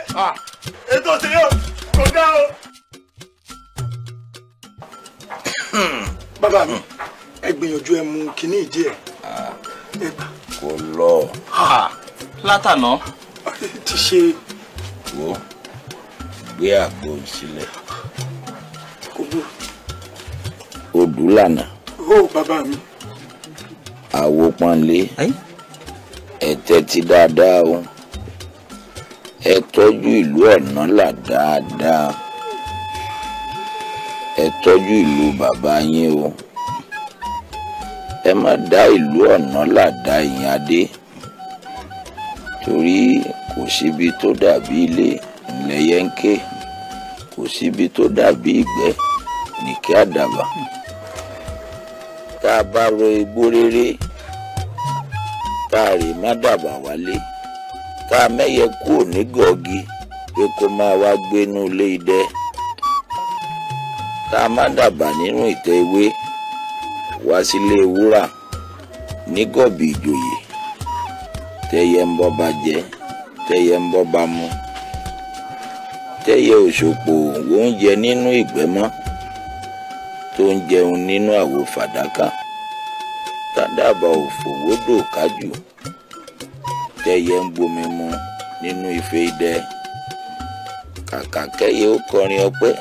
ètò òṣèré o kò dá o. bàbá mi ẹ gbìyànjú ẹ mú kinní ìdí ẹ. kò lọ. látànà. ti ṣe. wo gbé àgbo sílẹ̀. kò bú. odù lànà. ó bàbá mi. àwo pọ́nlé ẹ tẹ́tí dáadáa o ẹ tọ́jú ìlú ọ̀nà là dáadáa ẹ tọ́jú ìlú bàbá yín o ẹ má dá ìlú ọ̀nà là dá ìyẹn adé torí kò síbi tó dàbí ilé ńlẹ̀ yẹnké kò síbi tó dàbí ìgbẹ́ nìkẹ́ àdàbà tá a bá ro igbó rere káàrí má dàbà wálé ká mẹ́yẹ kúrò ní gọ̀ọ́gì pé kó máa wá gbénú ilé idẹ ká má dàbà nínú ìtẹ́ ewé wá sílé wúrà ní gọ̀bì ìjòyè tẹ́yẹ ń bọ́ bá jẹ tẹ́yẹ ń bọ́ bá mu tẹ́yẹ òṣòpò oúnjẹ nínú ìgbẹ́mọ́ tó ń jẹun nínú àwo fàdákà. dábàá fowodo wódò kájù tẹyẹ ń gbomi mu nínú ife idẹ kàkà kẹyẹ ó kọrin ọpẹ́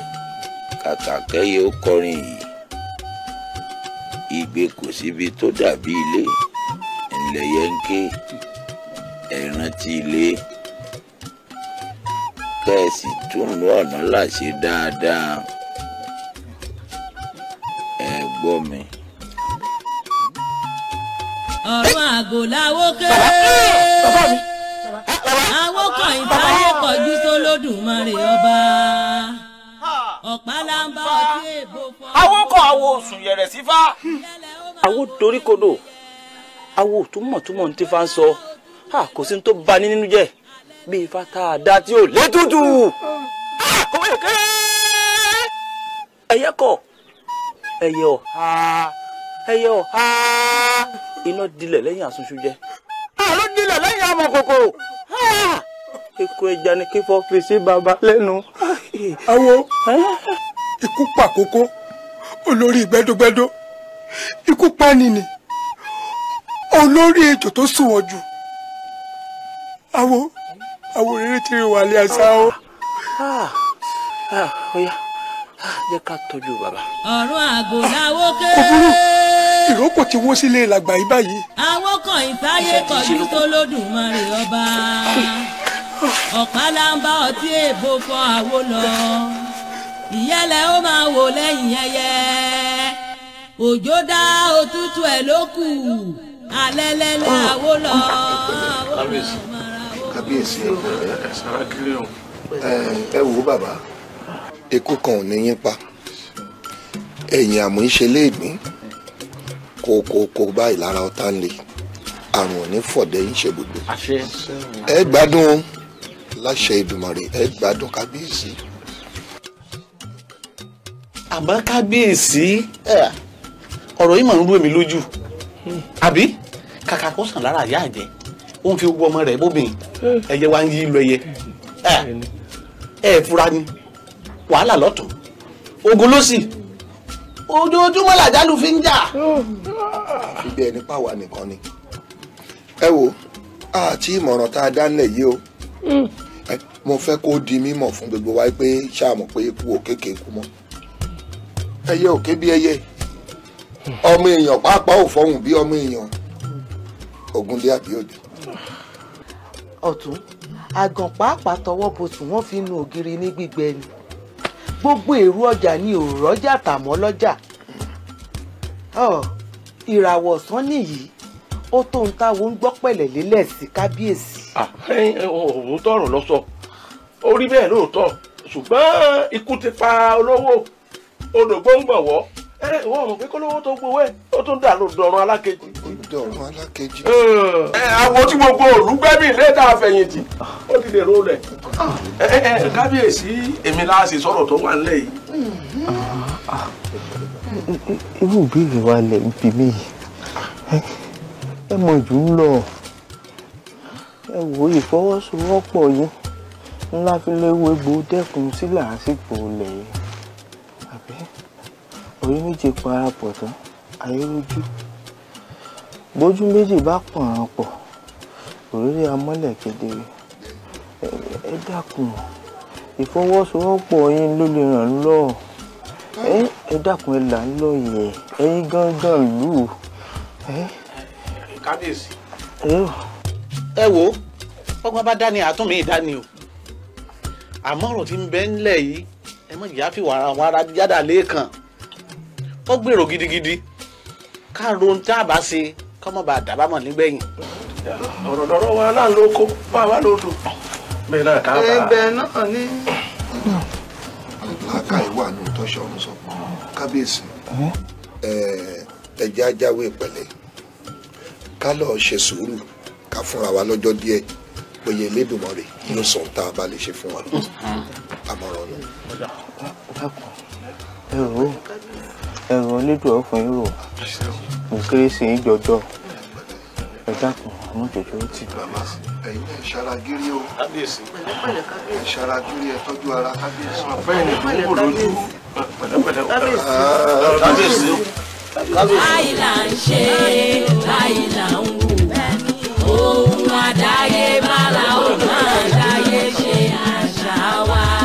kàkà kẹyẹ ó kọrin yìí igbe kò síbi tó dàbí ilé ńlẹ̀ ń ké ẹran ti ilé kẹ́ẹ̀sì tún ọ̀nà láṣẹ dáadáa ọ̀run àgò láwókè. àwòkọ̀ ìbáyé kọjú sólódùmarè ọba. ọ̀pá-lámbá ọtí èbó fọ́. àwòkọ̀ àwo sùn yẹ̀rẹ̀ sí fá. àwo dorí kodò àwo túmọ̀túmọ̀ ní ti fa ń sọ kò sí ní tó bá ní nínú jẹ́ bí ifá tá a dá tí ò létútù. ẹyẹ kọ ẹyẹ ọ̀há ẹyẹ ọ̀há iná dilẹ̀ lẹ́yìn àsunṣu jẹ. àló ah, dilẹ̀ lẹ́yìn amọ̀kòkò. ikú ah! ẹja ni kí fọ́ fi sí baba lẹ́nu. Ah, awo ikú pàkókó olórí gbẹdógbẹdó ikú panini olórí ejò tó sùnwọ̀n jù awo awo rere ti rí wàlẹ́ àṣà o. ọ̀ya jẹ́ ká tọ́jú bàbá. ọ̀run àgò làwọ̀ kéré ìrókò ti wó sílé làgbà yìí báyìí. àwọn kan ìsáyé kọjú tó lódùn mọ rè ọba ọ̀pá là ń bá ọtí èèbó fọ àwo lọ ìyẹlẹ ó máa wò lẹ́yìn ẹyẹ òjò dá òtútù ẹ̀ ló kù alẹ́lẹ́lẹ́ oh. àwo lọ. kábíyèsí kábíyèsí ẹ wò bàbá ikú kan ò ní yín pa ẹ̀yìn àmúyíṣe léègbín. kókókó báyìí lára ọ̀tá ń le àrùn òní fọ̀dẹ́ yín ṣe gbogbo. ẹ gbádùn láṣẹ ìdùmọ̀rẹ́ ẹ gbádùn ọ̀rọ̀ yìí máa ń rú èmi lójú àbí kàkà kó lára àyà àjẹ. ó ń fi ọmọ rẹ̀ bóbìn ẹyẹ wá ń yí ẹyẹ ẹ fura ni wàhálà lọ́tọ̀ ogun ló ojoojúmọ́ làjálù fi ń jà. ibi ẹni pàwọ́ nìkan ni ẹ wo àti ìmọ̀ràn tá a dá nílẹ̀ yìí o mo fẹ́ kó di mímọ̀ fún gbogbo wa pé ṣáà mọ̀ pé ikú òkèké kú mọ́ ẹyẹ òkè bí ẹyẹ ọmọ èèyàn pàápàá ò fọhùn bí ọmọ èèyàn ògúndé àbíòdì. ọ̀tún àgàn pàápàá tọwọ́ bòtù wọ́n fi nu ògiri ní gbígbẹ ni gbogbo èrò ọjà ni ò rọ́jà tàmọ́ lọ́jà ìràwọ̀ ọ̀sán nìyí ó tó ń táwọn ń gbọ́ pẹ̀lẹ̀ lélẹ̀ sí kábíyèsí. òun tọrùn lọ sọ ó rí bẹ́ẹ̀ lóòótọ́ ṣùgbọ́n ikú ti pa olówó odògbó ń gbọ̀wọ́ tẹ́lẹ̀ ìwọ ọ̀mọ̀ pé kólówó tó gbowó ẹ̀ ó tún dà ló dọ̀rùn alákejì. ó dọ̀rùn alákejì. ẹ àwọn tí gbogbo olùgbẹ́mí lẹ́tà àfẹ̀yìntì ó ti dèrò rẹ̀. ẹ ẹ kábíyèsí èmi láàṣì sọ̀rọ̀ tó wà nílẹ̀ yìí. irú ìbéèrè wa lẹ̀ ń bí mi ẹ mọ jù ń lọ ẹ wo ìfọwọ́sowọ́pọ̀ yín ńlá fi léwu egbò dẹ́kun sílẹ̀ àsìkò lẹ́yìn orí méjì parapọ̀ tán ayérójú bójú méjì bá pọ̀nrán pọ̀ òrírí amọ́lẹ̀ kedere ẹ dákun ìfọwọ́sowọ́pọ̀ yín ló lè ràn lọ́wọ́ ẹ dákun ẹ là ń lọ yẹ ẹ̀yin gángan lù ú. kábíyèsí ẹ wo ọgbọ́n bá dání àtúnmí ìdání o àmọ́ ọ̀rọ̀ tí ń bẹ ńlẹ̀ yìí ẹ mọ̀ ìyá fi wàrà wàrà yádà lẹ́ẹ̀kan wọ́n gbèrò gidigidi ká ron tá a bá ṣe ká má bàa dábàá mọ̀ nígbẹ̀yìn. ọ̀rọ̀ lọ́rọ̀ wa náà ló kó bá wa ló bẹ́ẹ̀ náà ká bá a. ẹ̀bẹ̀ náà ni. làákàyè wà ní òtọ́ṣọ́ ọ̀run sọ kábíyèsí ẹ̀jẹ̀ ajáwé pẹ̀lẹ́ ká lọ́ọ́ ṣe sùúrù ká fúnra wa lọ́jọ́ díẹ̀ oyè Elédùmarè ló sọ tá a bá lè ṣe fún wa àmọ̀ràn nù. ẹ ò ẹ̀rọ onídùú ọ̀fun yìí rò ìkérésì yìí jọjọ ẹ dákun àmọ́ jọjọ ó ti. bàbá ẹ̀yin náà ṣaragírí o kábíyèsí ṣaragírí ẹ tọ́jú ara kábíyèsí ọ̀pẹ́ ẹ̀yìn tó ń wò lójú kábíyèsí láì là ń ṣe láì là ń wù ohun àdáyébá la ó máa dáyé ṣe àṣà wa.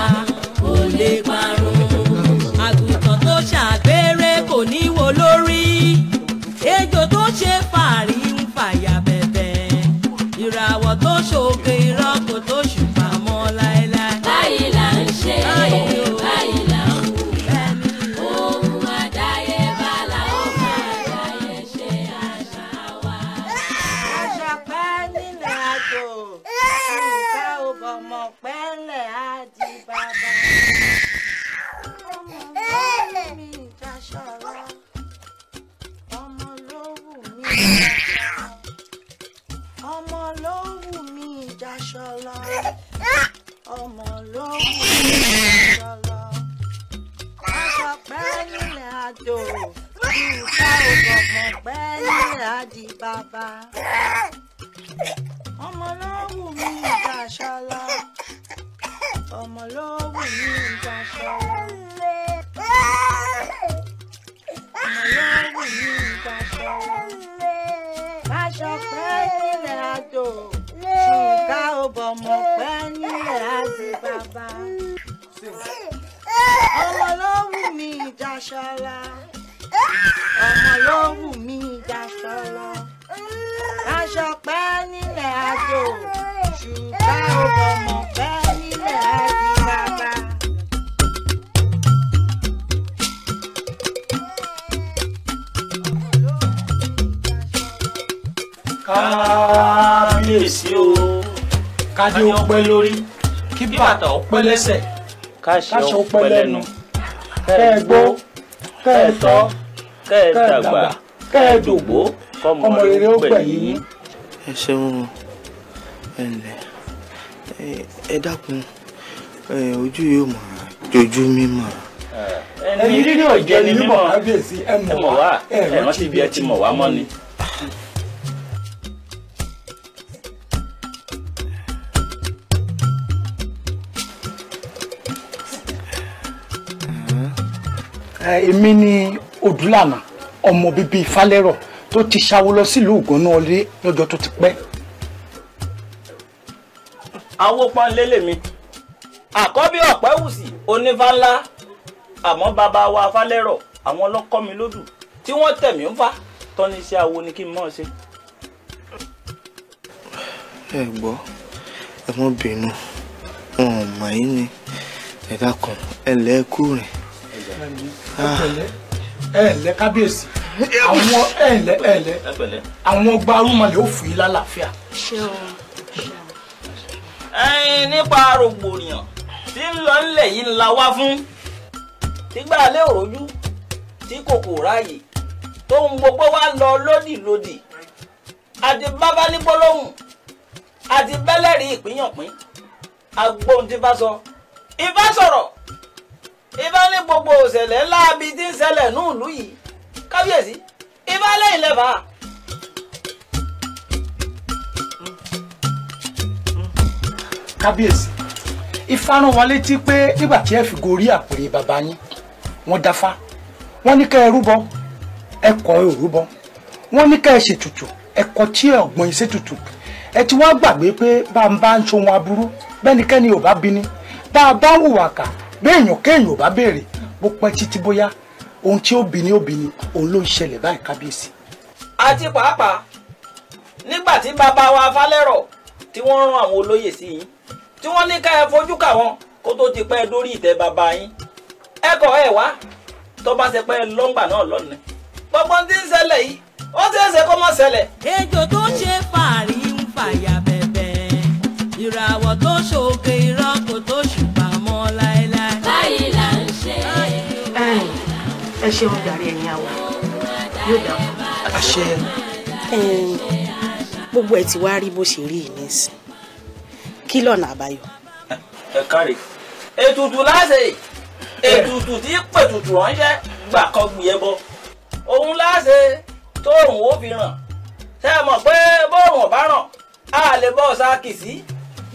pẹlẹsẹ káṣẹ ó pẹlẹnu kẹ ẹ gbó kẹ kọmọ rere ó gbẹ̀yìn. ẹ ṣeun ẹ ǹlẹ́ ẹ dákun ojú yóò mọ̀ jojú mímọ̀. ẹni rírì ọ̀jẹ̀ ni mímọ̀ ẹ mọ̀ wá ẹ rántí bí ẹ ti mọ̀ wá mọ́ ni. èmi ni odúlànà ọmọ bíbí falẹ́rọ̀ tó ti ṣáwó lọ sílùú ògùnná ọlẹ́ lọ́jọ́ tó ti pẹ́. awo panlélẹ̀ mi àkọ́bí ọ̀pẹ́wùsì onífàlà àmọ́ bàbá wa falẹ́rọ̀ àwọn ọlọ́kọ́ mi lódù tí wọ́n tẹ̀mí ń fa tọ́ni iṣẹ́ awo ni kí n mọ̀ ṣe. ẹ gbọ́ ẹ mọ́ bínú wọn ò mọ̀ yín ni ẹ̀dá kan ẹ lẹ́ẹ̀kú rìn ẹ ǹlẹ́ kábíyèsí àwọn ẹ ǹlẹ́ ẹ ǹlẹ́ àwọn gbarumọlẹ̀ ó fún yín lálàáfíà. ẹyin nípa rògbòdìyàn tí ń lọ nílẹ̀ yìí ńlá wá fún tígbà lé òrojú tí kòkò ráàyè tó ń gbogbo wa lọ lódìlódì àti bábá ní gbólóhùn àti bẹ́lẹ́rì ìpínyànpín agbóhun tí bá sọ ìbá sọ̀rọ̀ ibà ní gbogbo òṣèlè ńlá abi tí ń ṣẹlẹ̀ ní ìlú yìí kábíyèsí ibà lẹ́yìn lẹ́fà. kábíyèsí ifá rán wa létí pé nígbà tí ẹ fi gorí àpèrè bàbá yín wọ́n dáfá wọ́n ní ká ẹ rúbọ ẹ kọ̀ ẹ rúbọ wọ́n ní ká ẹ ṣètùtù ẹ kọ̀ tí ẹ ọ̀gbọ́n ẹ ṣètùtù ẹ ti wá gbàgbé pé bá ń bá ń ṣohun aburú bẹ́nikẹ́ni ò bá bini bá a bá ń hùwà kà béèyàn kéèyàn ò bá béèrè bó pẹ́ títí bóyá ohun tí ó bìíní ó bìíní òun ló ń ṣẹlẹ̀ báyìí kábíyèsí. àti pàápàá nígbà tí bàbá wa falẹ́rọ̀ tí wọ́n rán àwọn olóyè sí yín tí wọ́n ní ká ẹ fojú kà wọ́n kó tó ti pẹ́ dórí ìtẹ́ bàbá yín ẹ kọ̀ ẹ wá tó bá ṣe pẹ́ lọ́ngbà náà lọ́nà gbogbo tí ń ṣẹlẹ̀ yìí ó ṣeé ṣe kó má ṣẹlẹ̀. ejò tó ṣe fàárí ń fàyà bẹ̀bẹ̀ ìràwọ̀ tó ṣòkè ìrọ́kò tó ṣ ẹ ṣeun jàre ẹ̀yin àwọ̀ yóò dà fún àṣẹ. gbogbo ẹ ti wá rí bó ṣe rí yìí nísìn kí lọ́nà àbáyọ. ẹ káre ètùtù láṣẹ ètùtù tí pètùtù ránṣẹ́ gbà kan gbìyẹ bọ òun láṣẹ tóun ó fi ràn ṣe é mọ̀ pé bóun ọ̀bá ràn á lè bọ́ ọ̀sá kìsì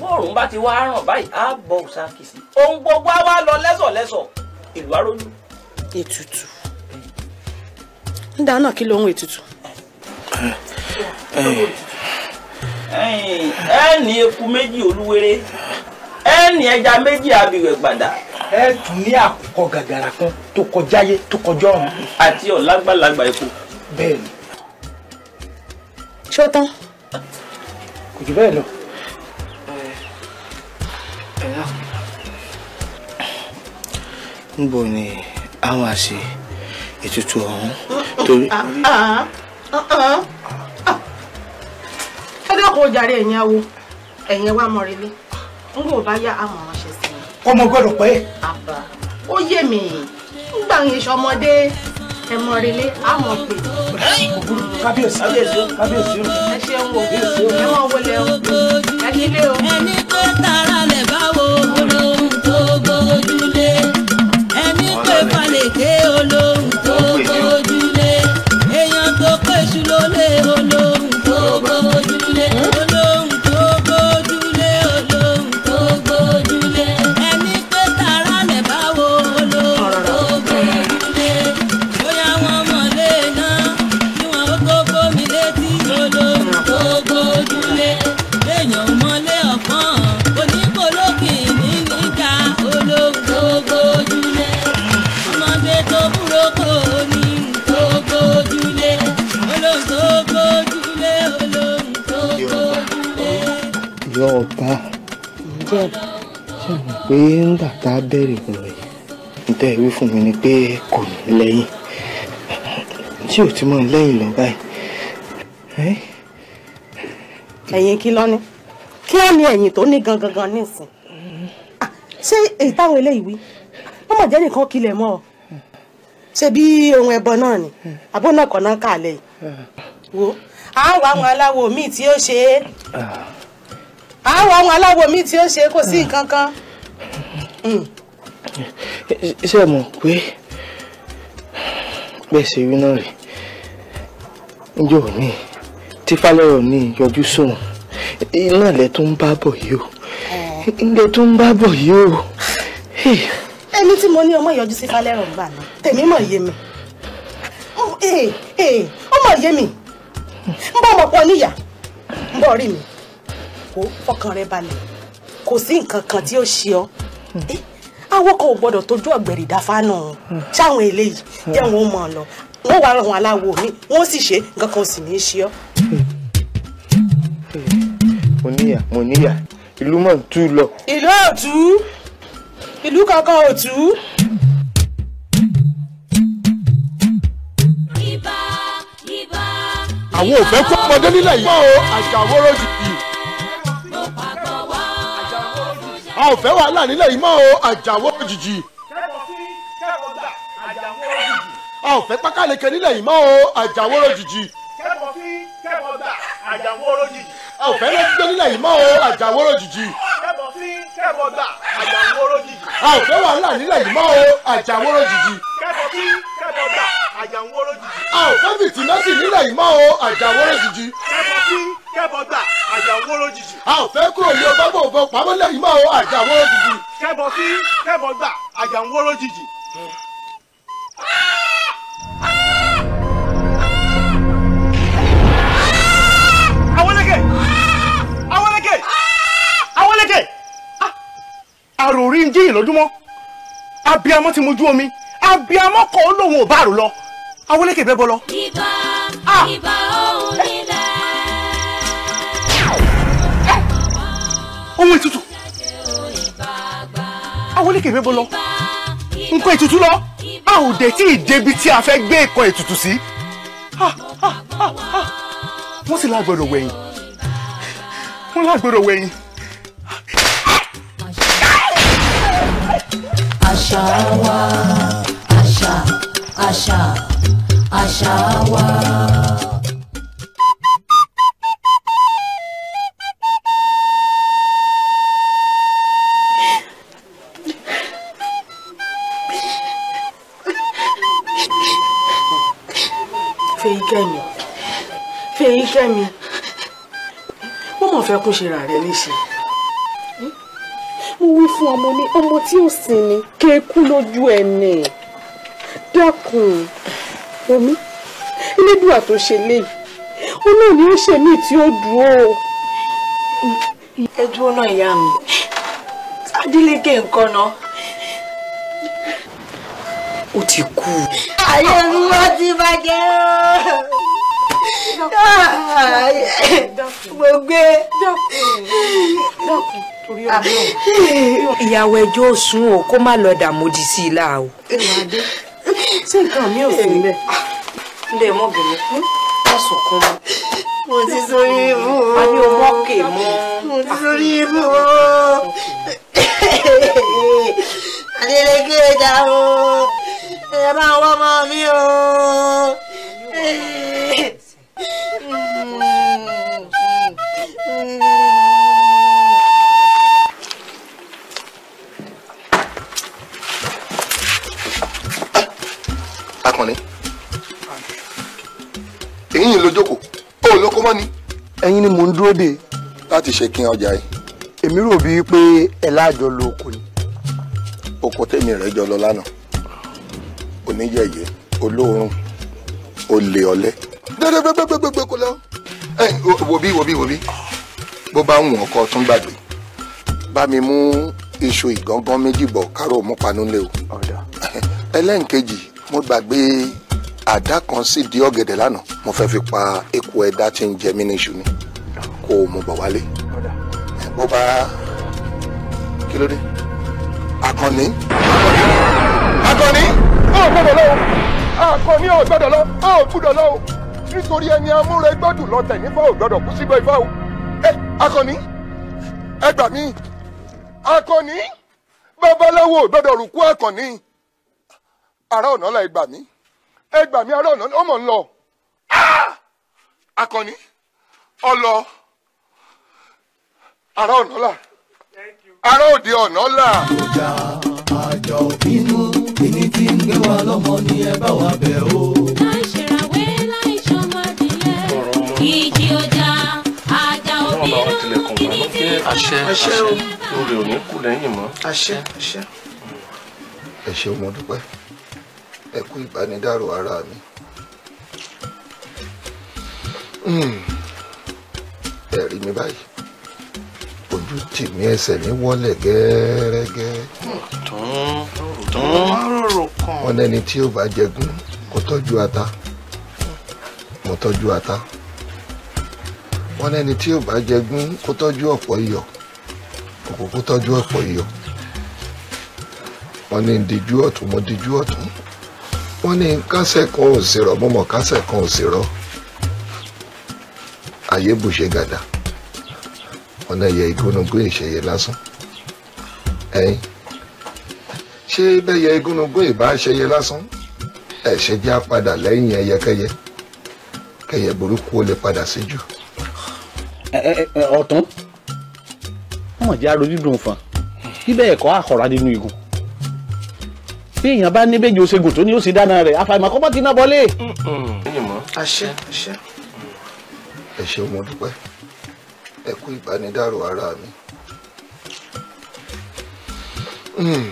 bóòrùn bá ti wá ràn báyìí á bọ́ ọ̀sá kìsì ohun gbogbo á wá lọ lẹ́sọ̀lẹ́sọ̀ ìlú arójú. ètùtù dáná kí ló ń wè tutù. eku méjì olúwere ẹ ẹja méjì abirẹ̀ gbàdá. ẹ tún ní gàgàrà kan tó kọjá yé tó kọjá ọ̀run. àti ọ̀làgbàlagbà epo. bẹ́ẹ̀ni. ṣó tán. kò jù bẹ́ẹ̀ lọ. ń ètùtù ọ̀hún torí. Ah, ah, ah, ẹgbẹ́ kò jàre ẹ̀yin awo ẹ̀yin wa mọ̀ relé n kò bá yá àmọ̀ ránṣẹ́ sí i. ọmọ gbọ́dọ̀ pé. àbá ó yé mi nígbà yẹn sọmọdé ẹ mọ̀ relé àmọ̀ pé. kábíyèsí kábíyèsí o. ẹ ṣeun o ẹ mọ̀ wọlé o ẹ nílé o. ẹni tó tara lẹ. pé ńgbà tá a bẹ̀rẹ̀ ìpínlẹ̀ yìí níta ìwé fún mi ni pé kò ní lẹ́yìn tí ò ti mọ̀ lẹ́yìn lọ báyìí. ẹ̀yin kí lọ ni kí ó ní ẹ̀yìn tó ní gan gan nísìn ah, ṣé èyí táwọn eléyìí wí wọ́n mọ̀ jẹ́ nìkan kilẹ̀ mọ́ ọ ṣe bí ohun ẹbọ náà ni àbó náà kọ̀ náà kàlẹ̀ yìí wo àwọn àwọn aláwo míì tí ó ṣe é àwọn ah. àwọn aláwo míì tí ó ṣe é kò sí nǹkan kan. ṣe mọ̀ pé bẹ́ẹ̀ṣẹ̀ rí náà rí njẹ́ òní tí falẹ́rọ̀ ní yọjú sóun iná ilẹ̀ tó ń bá bọ̀ yìí o ilẹ̀ tó ń bá bọ̀ yìí o. ẹni tí mo ní ọmọ ìyọjú sí falẹ́rọ̀ ń bà mí tèmi mọ̀ yé mi ó mọ̀ yé mi ń bọ́ ọmọ pọ̀ níyà ń bọ̀ rí mi kó fọkàn rẹ balẹ̀ kò sí nǹkan kan tí ó ṣe ọ hmm. eh, àwọn kan ò gbọdọ̀ tójú ọ̀gbẹ̀rì dáfánà hmm. ṣáwọn eléyìí hmm. jẹ́ wọn mọ̀ ọ́ lọ wọ́n wá ràn wọ́n aláwo mi wọ́n sì ṣe nǹkan kan sì ní í ṣe ọ́. mo níyà mo níyà ìlú mọ̀ ń tú lọ. ìlú ò tú ìlú kankan ò tú. àwọn ò fẹ́ kó ọmọdé nílẹ̀ yìí. àṣà àwòrán jù. a ò fẹ́ wàhálà nílẹ̀ yìí mọ́ o àjàwọ́ òjijì. kẹ́kọ̀ọ́ sí kẹ́kọ̀ọ́ gbà àjàwọ́ òjijì. a ò fẹ́ pákàlẹ́kẹ̀ nílẹ̀ yìí mọ́ o àjàwọ́ òjijì. kẹ́kọ̀ọ́ sí kẹ́kọ̀ọ́ gbà àjàwọ́ òjijì. a ò fẹ́ lọ́sí nílẹ̀ yìí mọ́ o àjàwọ́ òjijì. a ò fẹ́ wàhálà nílẹ̀ yìí mọ́ o àjàwọ́ òjijì. a ò fẹ́ fìtì náà sì nílẹ̀ yìí mọ́ o àjàwọ́ òjijì àjàwó lójijì. a ò fẹ́ kúrò ní ọgbà bò bò pamọ́ lẹ́yìn máa wọ àjàwó lójijì. kẹ́bọ̀ sí kẹ́bọ̀ gbà àjàwó lójijì. Awoleke Awoleke Awoleke àròrí ń jíyìn lójúmọ́ abiamọ ti mojú omi abiamọ kọ́ lòun ò bá rò lọ Awoleke bẹ́ bọ́ lọ. ibà ibà. Ah! ohun ètùtù àwọn oníkè mi bó lọ nǹkan ètùtù lọ a ò dé tí ì tí a fẹ́ gbé nǹkan ètùtù sí wọ́n sì lágbọ́dọ̀ wẹ̀yìn wọ́n lágbọ́dọ̀ wẹ̀yìn. àṣà wa àṣà àṣà àṣà wa. ṣẹ́ mi wọ́n mọ̀ fẹ́ kún ṣera rẹ léṣe. mo wí fún ọmọ mi ọmọ tí ò sin ni kéékù lójú ẹni dákun omi elédùà tó ṣe léyìí ó náà ni ó ṣe mí tí ó dúró. ẹ dúró náà ìyá mi Adéléké nǹkan náà ó ti kú. ayé ti bàjẹ́ o mo gbé. ìyàwó ẹjọ́ òsùn o kó má lọ dàmódì sí i láà o. ṣé nǹkan mi ò sí níbẹ̀. ilé ọmọbìnrin má sọkún mọ́. mo ti sórí ibú o. a ní ọmọ kè mọ́. mo ti sórí ibú o. Adeleke dáhùn. ni mò ń dúró dè. láti ṣe kí ọjà yìí. èmi rò bíi pé ẹ láàjọ lo oko ni. oko tèmi rẹ̀ jọ lọ lánàá oníyẹyẹ olóorun olè ọlẹ. gbẹgbẹgbẹgbẹgbẹ kò lọ. ẹ wò bí wò bí wò bí bó bá ń wọ̀n kọ́ tún gbàgbé bá mi mú iṣu ìgangan méjì bọ̀ káró mú panu lé o. ẹlẹ́nkejì mo gbàgbé àdá kan sídìí ọ̀gẹ̀dẹ̀ lánàá mo fẹ́ fi pa eku ẹ̀dá tí ń jẹ mí níṣu ni kó o mú bọ̀ wálé bó bá kí ló dé akọni akọni ó gbọ́dọ̀ lọ akọni ó gbọ́dọ̀ lọ ó gbọ́dọ̀ lọ nítorí ẹni amúre gbọ́dọ̀ lọ tẹ̀ nífọ̀ ò gbọ́dọ̀ kú síbẹ̀ ìfọ̀ o ẹ akọni ẹ gbà mí akọni babaláwo ò gbọ́dọ̀ rùkú akọni ará ọ̀nà la ẹ gbà mí ẹ gbà mí ará ọ̀nà ọmọ ń lọ akọni ọlọ ará ọ̀nà là ará òde ọ̀nà là. àjà àjọ inú ìní tí ń gbé wa lọ́mọ ni ẹ bá wa bẹ̀ o. láì ṣèràwé láì ṣọmọ ìdílé ìjì ọjà àjà òbínú ìní tí ń wa lọ́mọ. lórí òní kù lẹ́yìn mọ́. àṣẹ àṣẹ. ẹ ṣeun mo dúpẹ́ ẹ kú ìbánidárò ara mi hmm. ẹ rí mi báyìí ojú tèmi ẹsẹ̀ mi wọlé gẹ́rẹ́gẹ́. tún tún rorò kan. wọn lẹni tí ó bá jẹgún kó tọ́jú ata mo tọ́jú ata wọn lẹni tí ó bá jẹgún kó tọ́jú ọ̀pọ̀ iyọ̀ kókó kó tọ́jú ọ̀pọ̀ iyọ̀ wọn ní díjú ọ̀tún mo díjú ọ̀tún wọn ní kásẹ̀ kan ò sí rọ mo mọ̀ kásẹ̀ kan ò sí rọ ayé bùṣe gàdá wọn náà yẹ igúnnugún ìṣẹ̀yẹ lásán ẹ̀yin ṣé bẹ́yẹ igúnnugún ìbá ṣẹyẹ lásán ẹ ṣe jẹ́ á padà lẹ́yìn ẹyẹkẹyẹ kẹyẹ burúkú ó lè padà sí jù. ọ̀tún wọn jẹ́ arojú dùn fún bíbẹ̀ ẹ̀kọ́ àkọ́ra nínú igun bí èèyàn bá ní bẹ́jọ ṣègùn tó ní ó sì dáná rẹ̀ àfàìmọ̀ kọ́mọ́tì náà bọ́lé. àṣẹ àṣẹ. ẹ ṣeun mo dúpẹ́ ẹ kú ìbánidárò ara mi. Hmm.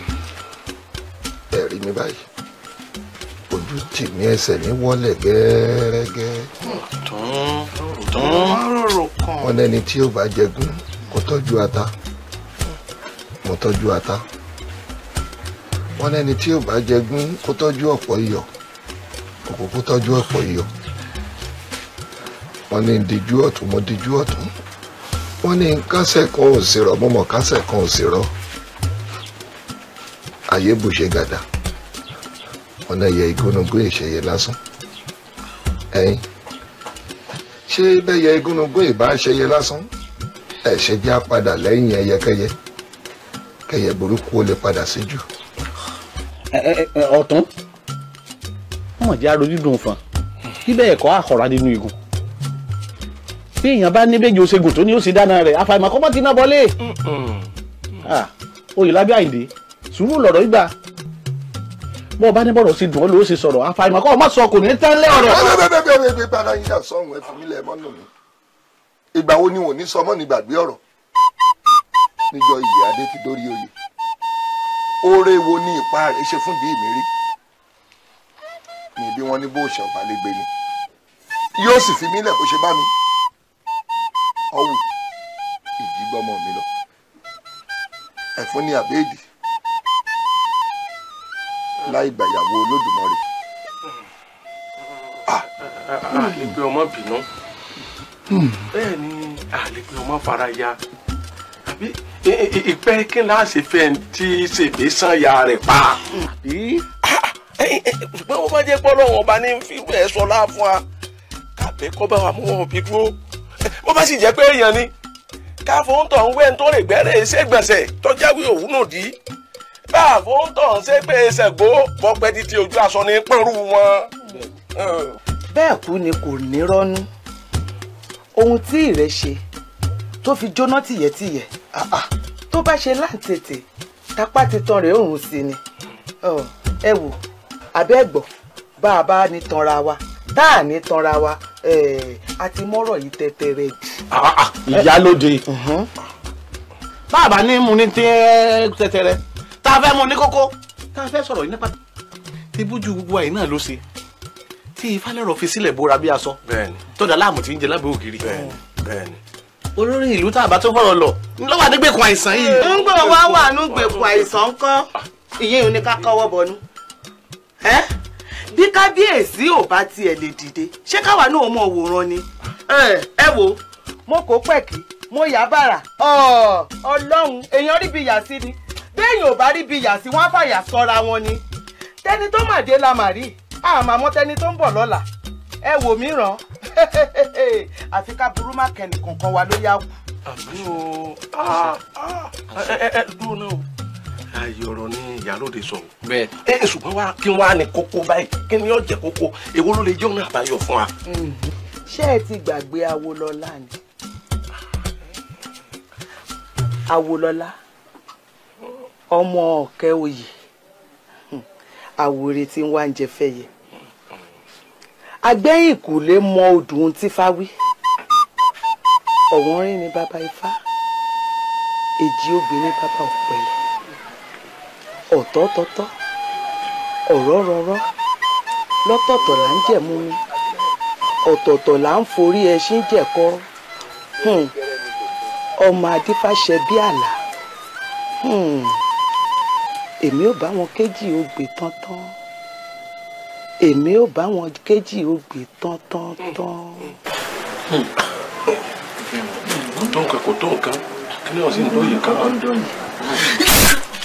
ẹ rí mi báyìí ojú tèmi ẹsẹ̀ mi wọ́lẹ̀ gẹ́rẹ́gẹ́. wọ́n lẹ́ni tí ó bá jẹgún kó tọ́jú ata mo tọ́jú ata wọ́n lẹ́ni tí ò bá jẹgún kó tọ́jú ọ̀pọ̀ iyọ̀ òkú kó tọ́jú ọ̀pọ̀ iyọ̀ wọ́n ní díjú ọ̀tún mo díjú ọ̀tún wọ́n ní kásẹ̀ kan ò sí rọ mọ́mọ́ kásẹ̀ kan ò sí rọ ayé bùṣe gàdà ọ̀nà ẹ̀yẹ igúnnugún ìṣẹ̀yẹ lásán ẹ̀yin ṣé bẹ́yẹ igúnnugún ìbá ṣẹyẹ lásán ẹ̀ ṣe jẹ́ padà lẹ́yìn ẹyẹkẹyẹ kẹyẹ burúkú ó lè padà sí jù. ọ̀tún wọ́n jẹ́ arojú dùn fún un bíbẹ̀ ẹ̀kọ́ àkọ́ra nínú igun bí èèyàn bá níbejì oṣègùn tó ní ó sì dáná rẹ̀ àfàìmọ̀ kọ́mọ́ ti ná bọ́lé. oyèlábí àyìndé sùúrù lọ̀rọ̀ ìgbà bọ́ ọ bá ní bọ̀rọ̀ sí dùn ó ló sì sọ̀rọ̀ àfàìmọ̀ kọ́ ọ má sọ kò ní tán lẹ́ ọ̀rọ̀. ìgbà wo ni wọn ò ní sọmọ ní gbàgbé ọ̀rọ̀ níjọ ìyè adé ti dórí oyè oore wo ni ìpa rẹ ṣe fún bí mi rí ni bí wọn ní bó ṣe ọba lè gbé ni yóò sì fi mí lẹ̀ bó ṣe bá mi ọ̀hún ìjì gbọ́mọ mi lọ ẹ̀fọn ní àbẹ́ẹ̀dì láì gbàyàwó olódùmarè. Ah. àlepẹ ọmọ bínú hmm. bẹ́ẹ̀ ni àlepẹ ọmọ fara ya àbí ìpẹ́ kí n láà ṣe fẹ́ tí ṣègbè sàn ya rẹ̀ pa. ṣùgbọ́n wọ́n bá jẹ́ pọ́ lọ́wọ́ ọba ní fílù ẹ̀ sọ láàfún wa kàbẹ́ kọ́ bá wa mú wọn bí dúró bó bá sì jẹ́ pé èèyàn ni ká fóńtọ̀ ń wẹ́ ń tó lè gbẹ́rẹ́ ṣègbọ̀nsẹ̀ tọ́jáwé òun náà dì bá a fóńtọ̀ ń ṣe pé ṣẹ̀gbó bọ́pẹ́ di ti ojú aṣọ ní pọ́nrú wọn. bẹ́ẹ̀ kú ni kò ní rọ́nú ohun tí ìrẹ́ ṣe tó fi jóná tìyẹ̀tìyẹ̀ tó bá ṣe láǹtètè tapá titan rẹ̀ òun sí ni ẹ wò abẹ́gbọ̀ bá a bá ní tanra wa tá à wa eh, a ti mọ́rọ̀ yìí tẹ́tẹ́rẹ́ jù. Ah, ah, ìyálóde bàbá mhm. ní mu ní tẹ́tẹ́rẹ́ tá a fẹ́ mu ní kókó tá a fẹ́ sọ̀rọ̀ yìí nípa tí bójú gbogbo àyè náà ló ṣe tí ifálẹ̀rọ̀ fi sílẹ̀ bóra bí aṣọ tó láàmú tí ń jẹ lábẹ́ ògiri olórí ìlú tá a bá tó fọ̀rọ̀ lọ ńlọ́wọ́ àdégbèkùn àìsàn yìí. ń gbọ́ wá wà nù àìsàn kọ́ ìyẹn ò ní ká kọ́wọ́ bọ̀nú bí kábíyèsí ò bá tiẹ̀ lè dìde ṣé káwa náà mọ̀ wòran ni ẹ wo mo kò pẹ̀kì mo yà bàrà ọlọ́run èèyàn rí bi yà sí ni béèyàn ò bá rí bi yà sí wọ́n á fàyà sọ́ra wọn ni tẹni tó mà dé la mà rí àmọ́ àmọ́ tẹni tó ń bọ̀ lọ́la ẹ wò mí ràn àfi ká burú má kẹ́nì kankan wa ló yá wù. àmì o ah, ah. ẹ ẹ dúró náà ayé ọ̀rọ̀ ní ìyálòde sọ. bẹ́ẹ̀ ẹ ṣùgbọ́n wa kí wọ́n á ní kókó báyìí kí ni yóò jẹ́ kókó èwo ló lè jẹ́ ọ̀nà àbáyọ fún wa. Mm-hmm. ṣé ẹ ti gbàgbé awolọ́lá ni awolọ́lá ọmọ ọ̀kẹ́ oyè hmm. àwòrè tí ń wá ń jẹ fẹ́yẹ agbẹ́yìn kò lè mọ ọdún tí fáwí ọ̀wọ́n rìn ní bàbá ifá èjì obìnrin bàbá ọ̀pẹ̀lẹ̀ ọ̀tọ̀ọ̀tọ̀ ọ̀rọ̀ rọrọ́ lọ́tọ̀ọ̀tọ̀ là ń jẹ̀mú ni ọ̀tọ̀ọ̀tọ̀ là ń forí ẹṣin jẹ̀kọ́ ọmọ adífàṣẹ bí àlà èmi ò bá wọn kéjì ogbè tántán èmi ò bá wọn kéjì ogbè tántán. tó nǹkan kò tó nǹkan kí ni ọ̀sìn tó yẹ ká.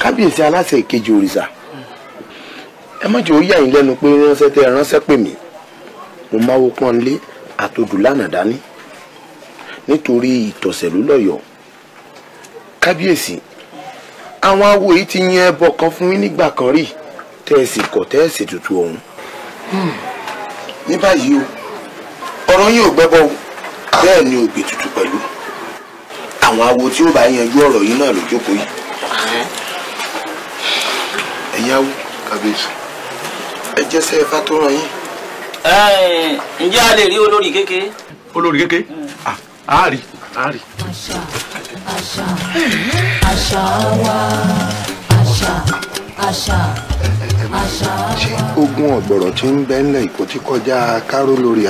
kábíyèsí aláṣẹ ìkejì òrìṣà ẹ má jẹ́ ó yà yín lẹ́nu pé ránṣẹ́ tẹ́ ránṣẹ́ pè mí mo máwo pọ́n lé àtòdù lánàá dání nítorí ìtọ̀sẹ̀lú lọ́yọ̀ọ́ kábíyèsí àwọn awo yìí ti yan ẹbọ kan fún mi nígbà kan rí tẹ́ẹ̀sì kọ̀ tẹ́ẹ̀sì tutù ọ̀hún ní báyìí o ọ̀rọ̀ yìí ò gbẹ́bọ bẹ́ẹ̀ ni ò tutù pẹ̀lú àwọn awo tí ó bá yanjú ọ̀rọ̀ yìí náà ló yìí ẹ̀yin awo kàbíyèsí ẹ jẹ́sẹ́ ifá tó ràn yín. ǹjẹ́ a lè rí olórí kékeré. olórí kékeré hmm. ah, a rí a rí. wa àṣà àṣà àṣà wa. ṣé ogun ọ̀gbọ̀rọ̀ tí ń bẹ ńlẹ̀ ìkó ti kọjá káró lórí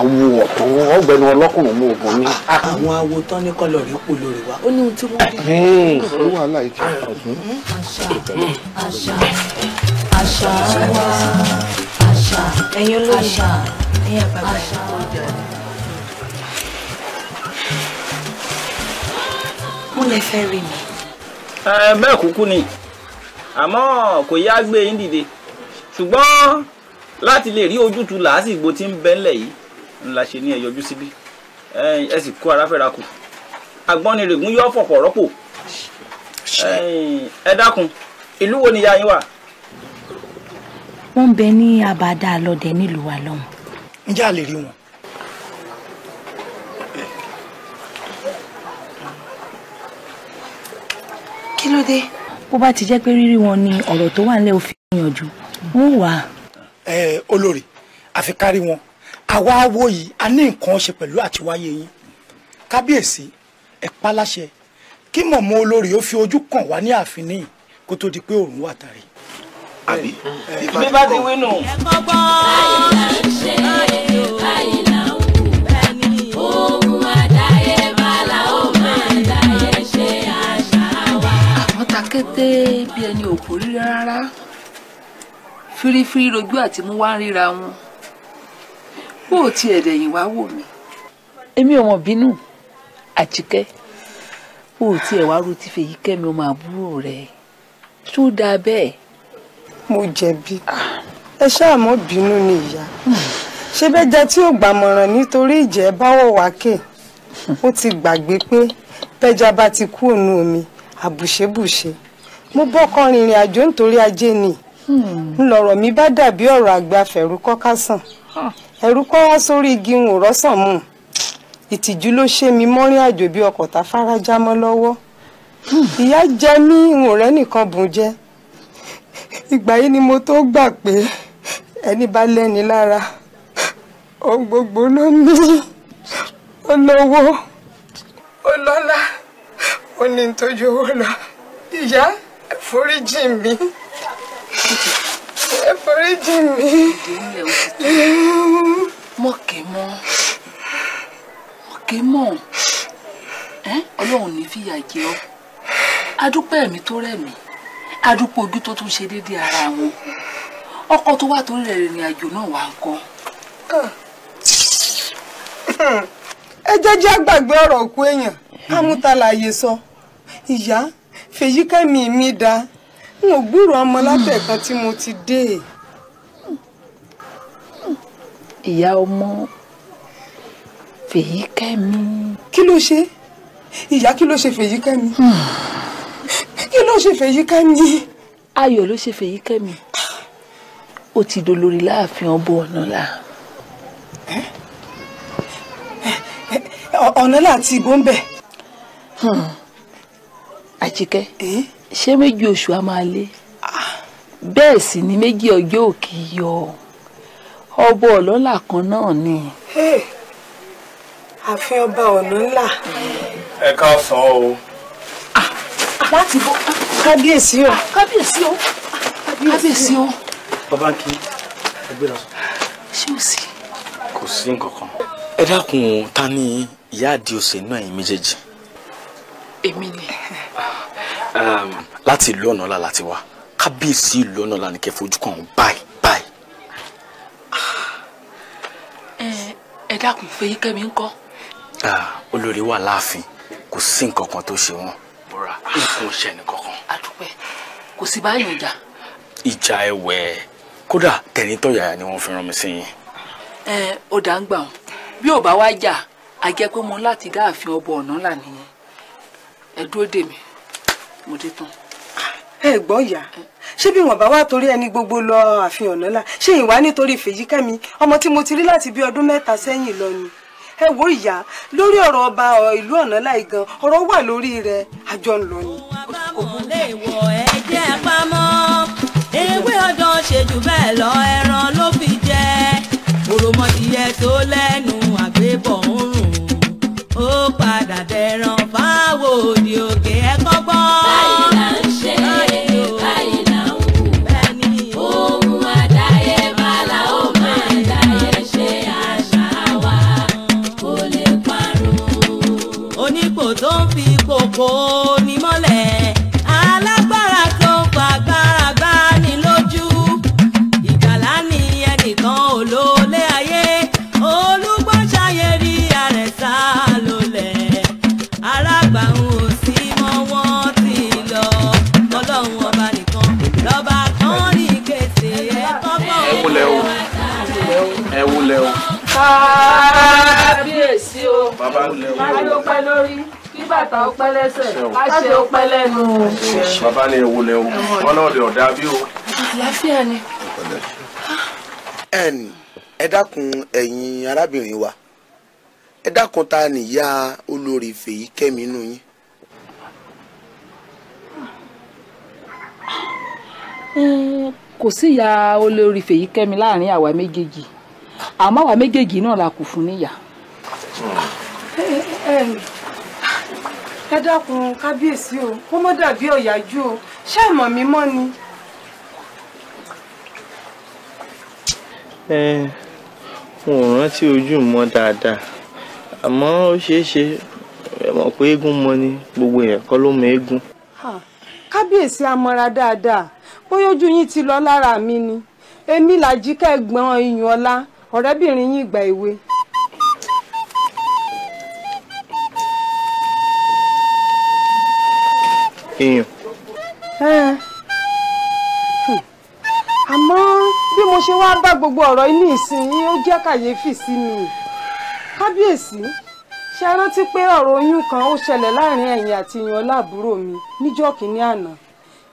awo ọ̀tọ̀ wọn ọ̀gbẹ́ni ọlọ́kùnrin mú ogun ní. àwọn awo tán ní kọlọ rẹ kò lórí wa ó ní ohun tí wọn dé. ó wà láì jẹ ọdún. àṣà àṣà àṣà wa àṣà ẹ̀yin olóyè ẹ̀yin àgbàgbà ẹ. mo lè fẹ́ rí mi. bẹ́ẹ̀ kúkú ni àmọ́ kò yá gbé yín dìde ṣùgbọ́n láti lè rí ojútùú làásìgbò tí ń bẹ́ńlẹ̀ yìí ńlá ṣe ní ẹ yọjú síbí ẹ sì kó ara fẹ́ra kù agbọ́nirègún yọ fọ̀pọ̀ rọ́pò ẹ dákun ìlú wo ni ìyá yín wà. wọ́n ń bẹ ní abàdá alọ́dẹ nílùú wa lọ́hùn. ǹjẹ́ a lè rí wọn. kí ló dé. bó bá ti jẹ́ pé rírí wọn ni ọ̀rọ̀ tó wà nílẹ̀ òfin yanjú wọ́n wà. ẹ olórí àfi kárí wọn àwa awo yìí a ní nǹkan ṣe pẹ̀lú àtiwáyé yín kábíyèsí ẹ paláṣẹ kí mọ̀mọ́ olórí ó fi ojú kàn wá ní ààfin níyì kó tó di pé òòrùn wà tàrí. àbí bí bá ti wí àwọn takété bí ẹni ò kò rárá fírífírí rojú àti mú wá ríra wọn kó o tiẹ̀ dẹ̀yìn wá wò mí. èmi ò mọ̀ bínú àjíkẹ́ kó o tiẹ̀ wá ro ti fèyí kẹ́mi ọmọ àbúrò rẹ̀ tó dáa bẹ́ẹ̀. mo jẹ̀bi ẹ ṣáà mọ́ bínú ni ìyá ṣé bẹ́ẹ̀ jẹ́ tí ò gbàmọ̀ràn nítorí ìjẹ́ báwọ̀ wákè ó ti gbàgbé pé bẹ́jà bá ti kú ònú omi àbùṣebùṣe mo bọ́kọ rìnrìn àjò nítorí ajé ni hmm. ńlọrọ̀ mi bá dàbí ọ̀rọ̀ àgbà fẹ̀rù kọ́kásàn ẹ̀rù kọ́ wá sórí igi ń rọ́sàn mù ìtìjú ló ṣe mi mọ́rin àjò bí ọkọ̀ tá fara mọ́ lọ́wọ́ ìyà jẹ mí ń rẹ́ nìkan bùn jẹ ìgbà yìí ni mo tó gbà pé ẹni bá lẹ́ni lára ohun gbogbo ló ní olówó ọlọ́lá ó ní tójú owó lọ ìyá foríjì mi ẹ foríjì mi. mọ̀kẹ́ mọ́ mọ̀kẹ́ mọ́ ọlọ́run ní fìyà jẹ ọ́ adúpẹ́ ẹ̀mí tó rẹ̀mí adúpẹ́ ojú tó tún ṣe déédéé ara wọn ọkọ tó wà torí rẹ̀ rìnrìn àjò náà wà ń kọ́. ẹ jẹ́jẹ́ àgbàgbé ọ̀rọ̀ òkú èèyàn amútalàyé sọ ìyá fèyíkẹ́mi mi dáa n ò gbúrò ọmọ látẹ̀kan tí mo ti dé. ìyá ọmọ fèyí kẹ́mi. kí ló ṣe ìyá kí ló ṣe fèyí kẹ́mi kí ló ṣe fèyí kẹ́mi. ayọ̀ ló ṣe fèyí kẹ́mi ó ti dolórí láàfin ọbọ ọ̀nà la. ọ̀nà láti ìbò ń bẹ̀. Hmm. àjíkẹ́. Eh? ṣé méjì oṣù a máa lé ah, bẹ́ẹ̀ sì ni méjì ọjọ́ òkè yọ ọba ọ̀lọ́lá kan náà ni. àfin ọba ọ̀nà ńlá. ẹ ká sọ o. Ah, ah, láti bọ kábíyèsí o. kábíyèsí o kábíyèsí o. bàbá ń kí ẹgbẹ́ rẹ. ṣé o sì. kò sí nǹkan kan. ẹ dákun ta ni ìyá àdìo ṣe náà yín méjèèjì. èmi ni. Ehm, láti ìlú ọ̀nà ọ̀la láti wá kábíyèsí ìlú ọ̀nà ọ̀la ní kẹ́ fojú kàn án báyìí báyìí. ẹ dákun Fẹ́yìkẹ́mi ńkọ́. olórí wà láàfin kò sí nǹkan kan tó ṣe wọn bóra nǹkan ò ṣe nìkankan. àdúpẹ́ kò sí báyìí ìjà. ìjà ẹ̀wẹ̀ kódà tẹ̀nítọ̀yà ni wọ́n fi rán mi sí yín. ẹ ò dá ń gbà wọn bí ò bá wá jà a jẹ́ pé mo láti dáàfin ọbọ mo dé tán. Ah, ẹ gbọ́ ìyá ṣé bí wọn bá wà torí ẹni gbogbo lọ àfihàn lọ́la ṣé ìwà nítorí fèyíkẹ́mi ọmọ tí mo ti rí láti bí ọdún mẹ́ta sẹ́yìn lọ ni ẹ wo ìyá lórí ọ̀rọ̀ ọba ìlú ọ̀nà láì gan ọ̀rọ̀ wà lórí rẹ̀ àjọ ń lọ ni. àpamọ́ tó lẹ́nu àgbébọ̀ ń rùn ó padà dẹran fáwọn òde o. 过。ọpẹ́ lẹ́sẹ̀ àṣẹ bàbá ni ewu lẹ o wọn náà ọ̀dà bí o. àlàáfíà ni. ẹn ẹ dákun ẹ̀yin arábìnrin wa ẹ dákun ta nìyá olórí fèyí kẹ́mi inú yín. kò síyà olórí fèyí kẹ́mi láàrin àwa méjèèjì àmọ́ àwa méjèèjì náà la kù fún níyà ẹ dákun kábíyèsí o kó mọ́ dàbí ọ̀yájú o ṣé ìmọ̀ mi mọ́ ni. ẹ n ò rántí ojú mọ́ dáadáa àmọ́ ó ṣeé ṣe ẹ mọ̀ pé eégún mọ́ ni gbogbo èèyàn kọ́ ló mọ eégún. kábíyèsí amọ̀ra dáadáa bóyá ojú yín ti lọ lára mi ni èmi làjíkẹ́ ẹ̀gbọ́n iyùn ọlá ọ̀rẹ́bìnrin yín ìgbà èwe èèyàn. àmọ́ bí mo ṣe wáá bá gbogbo ọ̀rọ̀ inú ìsinyìí ó jẹ́ kàyéfì sí mi kábíyèsí ṣe rántí pé ọ̀rọ̀ oyún kan ó ṣẹlẹ̀ láàrin ẹ̀yin àti ìyànlá àbúrò mi níjọ́ kìíní àná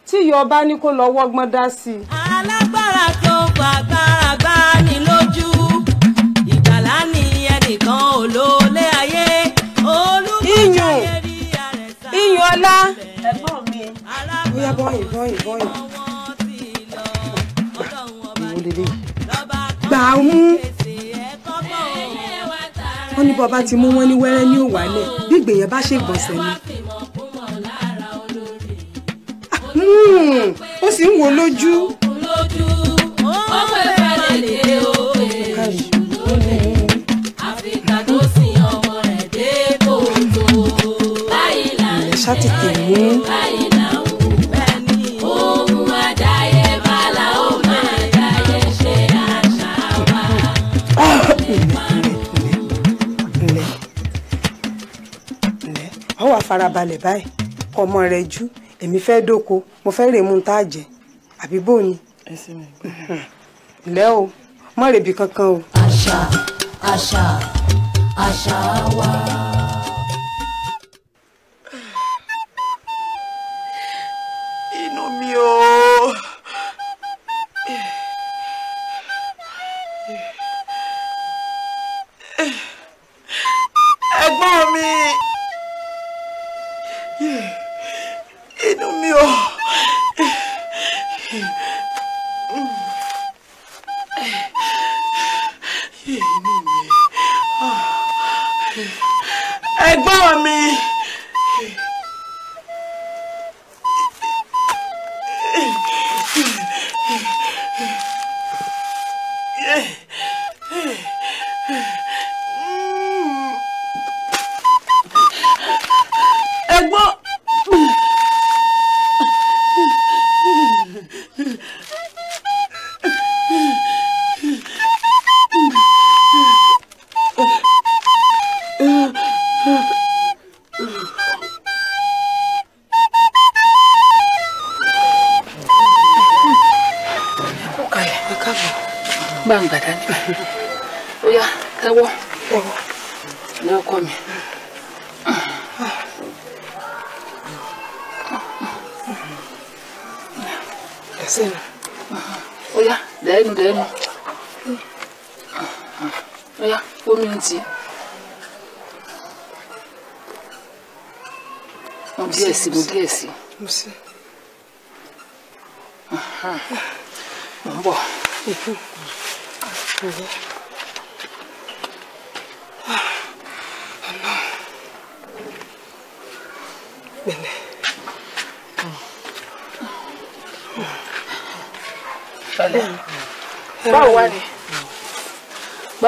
tí ìyá ọba ní kó lọ wọ́gbọ́n dá sí i. alágbára tó gbàgbára gbá ni lójú ìgbàlá ni ẹnìkan ò lólé ayé olùkọ́jà yẹn rí àrẹ̀ sá. iyùn ọlá. ẹ̀gbọ́n bóyá bọ́yì bọ́yì bọ́yì. ìwò lè lè gbà á mú wọ́n ní bọ́ba ti mú wọ́n ní wẹ́rẹ́ ní òwálẹ̀ bí ìgbèyàn bá ṣe gbọ̀nsẹ̀ ni. Hmm. ó sì ń wo lójú. ó fẹ́ fẹ́ farabalẹ̀ báyìí ọmọ rẹ̀ jú èmi fẹ́ dóko mo fẹ́ rèémú tá a jẹ àbí bò ni. ǹlẹ́ o mọ̀ rèébi kankan o. àṣà àṣà àṣà wa. inú mi ooo.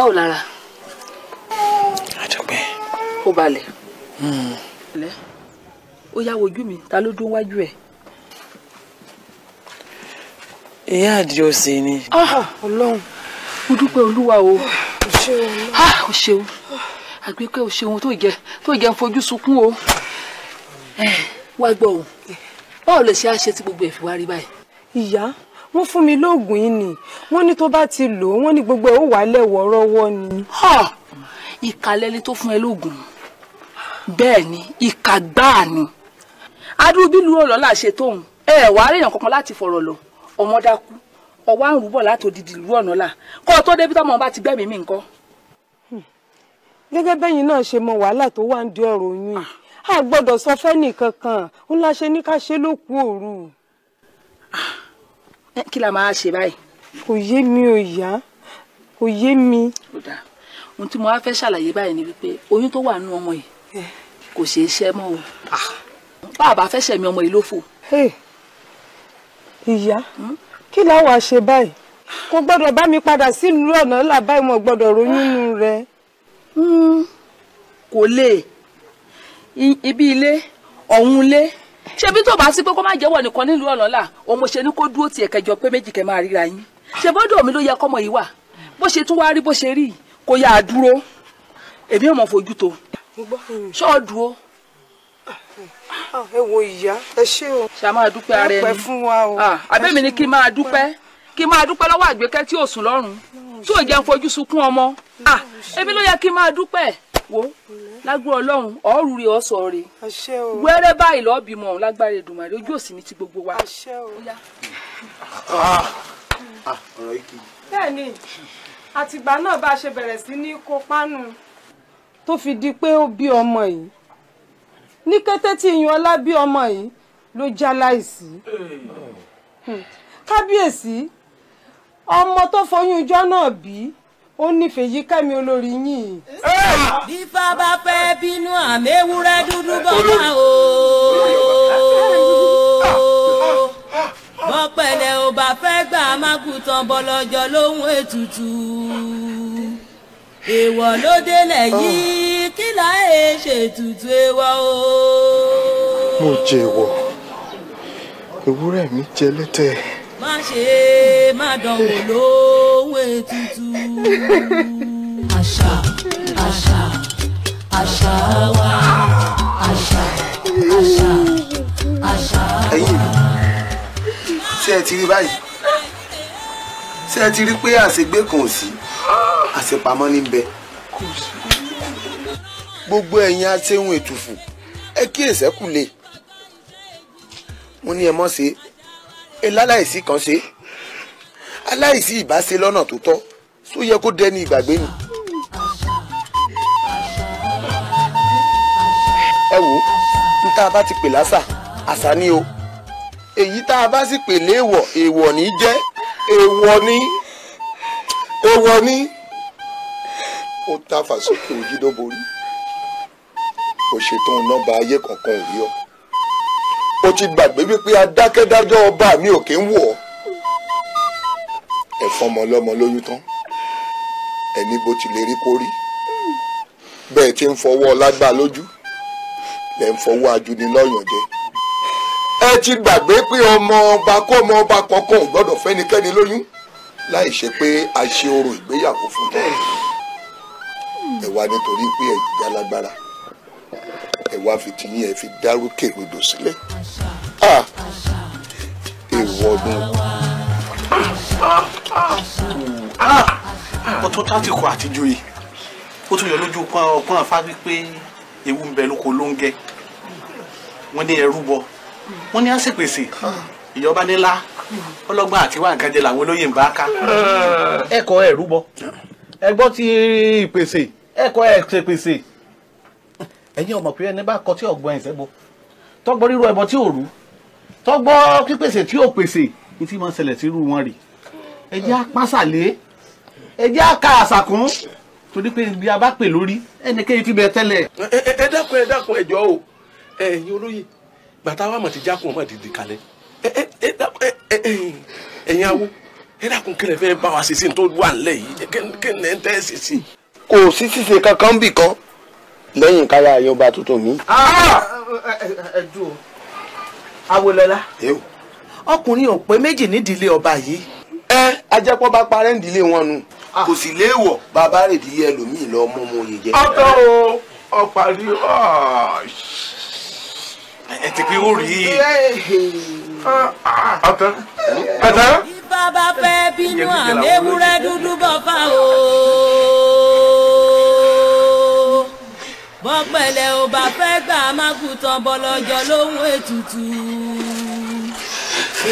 báwo lára. àjọpẹ́. ó balẹ̀. ilẹ̀ hmm. ó yá wojú mi ta ló dún wájú ẹ̀. ìyá àdìo sì ni. ọlọ́run mo dúpẹ́ olúwa o. o ṣeun. o ṣeun àgbẹ̀pẹ́ o ṣeun tó jẹ tó jẹ ń fojú sunkún o. wá gbọ́ òun eh. báwo lè ṣe á ṣe tí gbogbo ẹ̀ fi wá rí báyìí. ìyá wọ́n fún mi lóògùn yìí ni wọ́n ní tó bá ti lò ó wọ́n ní gbogbo ẹ̀ ó wà lẹ́wọ̀ rọ́wọ́ ni. ìkàlẹ́ni tó fún ẹ lóògùn bẹ́ẹ̀ ni ìkà gbáà ni adúbílù ọlọ́lá ṣe tóun ẹ wàá ríyàn kankan láti fọ̀rọ̀ lọ ọmọ dákú ọwọ́ àrùn rúbọ̀ láti òdìdì ìlú ọ̀nà là kó o tó débi tọ́mọ bá ti gbẹ́mìí mi nǹkan. Hmm. gẹ́gẹ́ bẹ́yìn náà ṣe mọ wàhálà tó wà ń di ọ̀rọ̀ oyún yìí ah. a gbọ́dọ̀ sọ fẹ́nì kankan ńlá ṣe ní ká ṣe lókù òru. Ah kí la máa ṣe báyìí. kò yé mi ò yá kò yé mi. ó dáa ohun tí mo wá fẹ́ ṣàlàyé báyìí ni wípé oyún tó wà nínú ọmọ yìí kò ṣeé ṣẹ́ mọ́ o bá a bá fẹ́ ṣẹ̀mí ọmọ yìí ló fò. ìyá hmm? kí la wàá ṣe báyìí kò gbọ́dọ̀ bá mi padà sílùú ọ̀nà làbáyé mo gbọ́dọ̀ ronú ah. nù rẹ. Hmm. kò lè ibi ilé ọ̀hún ilé ṣebí tó bá sí pé kó má jẹ́wọ́ nìkan nílùú ọ̀lọ́lá òun mo ṣe ní kó dúró tiẹ̀ kẹjọ pé méjì kẹ máa ríra yín ṣe bọ́dọ̀ mi ló yẹ kọ́mọ yìí wà bó ṣe tún wá rí bó ṣe rí kó yá a dúró èmi ò mọ̀ fojú tó ṣọ́ọ̀ dúró. Ah, ẹ wo ìyá ẹ ṣé o ṣá máa dúpẹ́ ara ẹni àbẹ́mi ah, ni kí máa dúpẹ́ kí máa dúpẹ́ lọ́wọ́ àgbékẹ́ tí ò sùn lọ́rùn lágbó ọlọ́run ọ̀ọ́rù rẹ̀ ọ̀sọ̀ rẹ̀ wẹ́rẹ́ báyìí lọ́ọ́ bímọ ọ̀hún lágbára Èdùmàrè ojú òsì ní ti gbogbo wa. Ah, ah, bẹ́ẹ̀ni àtìgbà náà bá a ṣe bẹ̀rẹ̀ sí ní kó pánú tó fi di pé ó bí ọmọ yìí ní kété tí Ìyánọlá bí ọmọ yìí ló já láìsí kábíyèsí ọmọ tó fọyún ijọ́ náà bí ó nífẹ̀ẹ́ yí kẹ́mi olórí yín. bí fábà fẹ́ bínú àmẹ́wúrẹ́ dúdú bọ́ o. bọ́pẹ̀lẹ̀ ò bá fẹ́ gbà mákùtàn bọ́lọ́jọ́ lóhun ètùtù. èèwọ̀ ló délẹ̀ yìí kí láyé ṣètùtù èèwọ̀ o. mo jẹ èèwọ̀ ewúrẹ́ mi jẹ lẹ́tẹ̀ẹ́ má ṣe má dánwò lówó ètùtù. àṣà àṣà àṣà wa àṣà àṣà àṣà wa. ẹ̀yin ṣé ẹ ti rí báyìí ṣé ẹ ti rí pé àṣegbé kan ò sí àṣepamọ́ ní bẹ gbogbo ẹ̀yin aṣẹ́hun ètùfù ẹ kíyèsẹ́kù lè wọ́n ní ẹ mọ̀ ṣe eláláìsí kan ṣe aláìsí ìbáṣe lọ́nà tó tọ́ tó yẹ kó dẹni ìgbàgbé ni. ẹ wò ó n tá a bá ti pè lásà àṣà ni o èyí tá a bá sì pè léèwọ̀ èèwọ̀ ní jẹ́ èèwọ̀ ní èèwọ̀ ní. ó ta fàṣọkè òjì dóborí kò ṣètò ọ̀nà bá ayé kankan òrí ọ o ti gbàgbé wípé adákẹ́dájọ́ ọba mi ò kí ń wọ̀ ọ́ ẹ̀fọn ọmọlọ́mọ lóyún tán ẹni bó ti lè rí kó rí bẹ́ẹ̀ ti ń fọwọ́ lágbá lójú lẹ́ ń fọwọ́ ajúnilọ́yàn jẹ ẹ ti gbàgbé pé ọmọ ọba kó ọmọ ọba kankan ò gbọ́dọ̀ fẹ́nikẹ́ni lóyún láì ṣe pé a ṣe orò ìgbéyàwó fún un ẹ wá nítorí pé ẹ jẹ́ alágbára wá fi tiyín ẹ fi dárúkè rodò sílẹ̀ èèwọ̀ ọdún. Ah, ah. ọtún tátìkù àtijọ́ yìí ó tún yọ lójú pọ́n ọpọ́n afá wípé ewu ń bẹ lóko ló ń gẹ wọ́n ní ẹrú bọ wọ́n ní àṣepèsè ìjọba nílá ọlọ́gbọ́n àti wà nǹkan jẹ làwọn olóyè ń bá ká. ẹ̀kọ́ ẹ̀rú bọ ẹgbọ́n ti ìpèsè ẹ̀kọ́ ẹ̀ṣèpèsè ẹ̀yin ọmọ pé ẹni bá kọ tí ọgbọ́n ẹ̀sẹ̀ bọ tọgbọ́ rírú ẹbọ tí ò rú tọgbọ́ pípèsè tí ò pèsè ní tí máa ń ṣẹlẹ̀ sírú wọn rè ẹ jẹ́ apásàlẹ̀ ẹ jẹ́ aka àṣàkún torí pé ibi abápè lórí ẹnikẹ́ni ti bẹ tẹ́lẹ̀. ẹ dákun ẹ dákun ẹ jọ̀ọ́ o ẹ̀yin olóyè bàtà wa mọ̀ ti jákun ọmọ dìde kalẹ̀ ẹ dákun ẹ̀yin awo ẹ dákun kílẹ̀ fẹ́ bá wa ṣe sí ní tó wà nílẹ̀ yìí kí ni ẹ tẹ́ ṣe sí. kò sí ṣíṣe kankan bì kan lẹ́yìn kára ayé ọba tuntun mi. ẹdùn ah, ah, ah, eh, eh, eh, awolọlá ọkùnrin ò pé méjì nídìílé ọba yìí. ẹ ajẹ́pọ̀ bá parẹ́ nídìílé wọn nu kò sì léèwọ̀ bàbá rẹ̀ ìdílé ẹlòmíì lọ mú mu oyè jẹ. ọtọ o ọparí ẹ ti pé ó rí i ọtọ ọtọ. bàbá fẹ́ bínú àmẹ́wúrẹ́ dúdú bọ́ fà o bọ́pẹ̀lẹ̀ ò bá fẹ́ gbà mágùtàn bọ́lọ́jọ́ lóhun ètùtù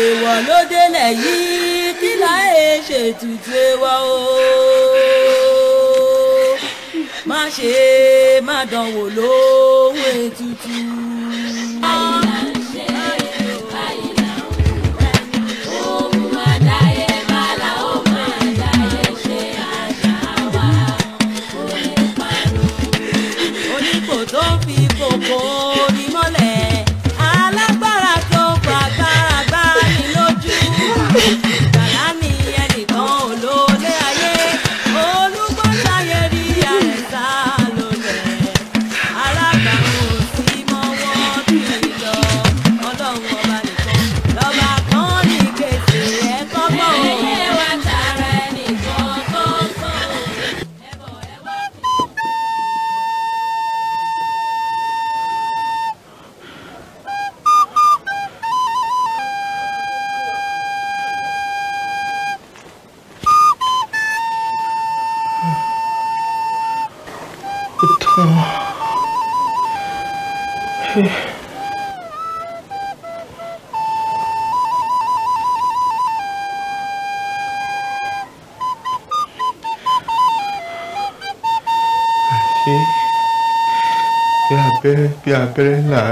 èèwọ̀ ló délẹ̀ yìí kí láyé ṣètùtù èèwọ̀ o má ṣe má dánwò lóhun ètùtù.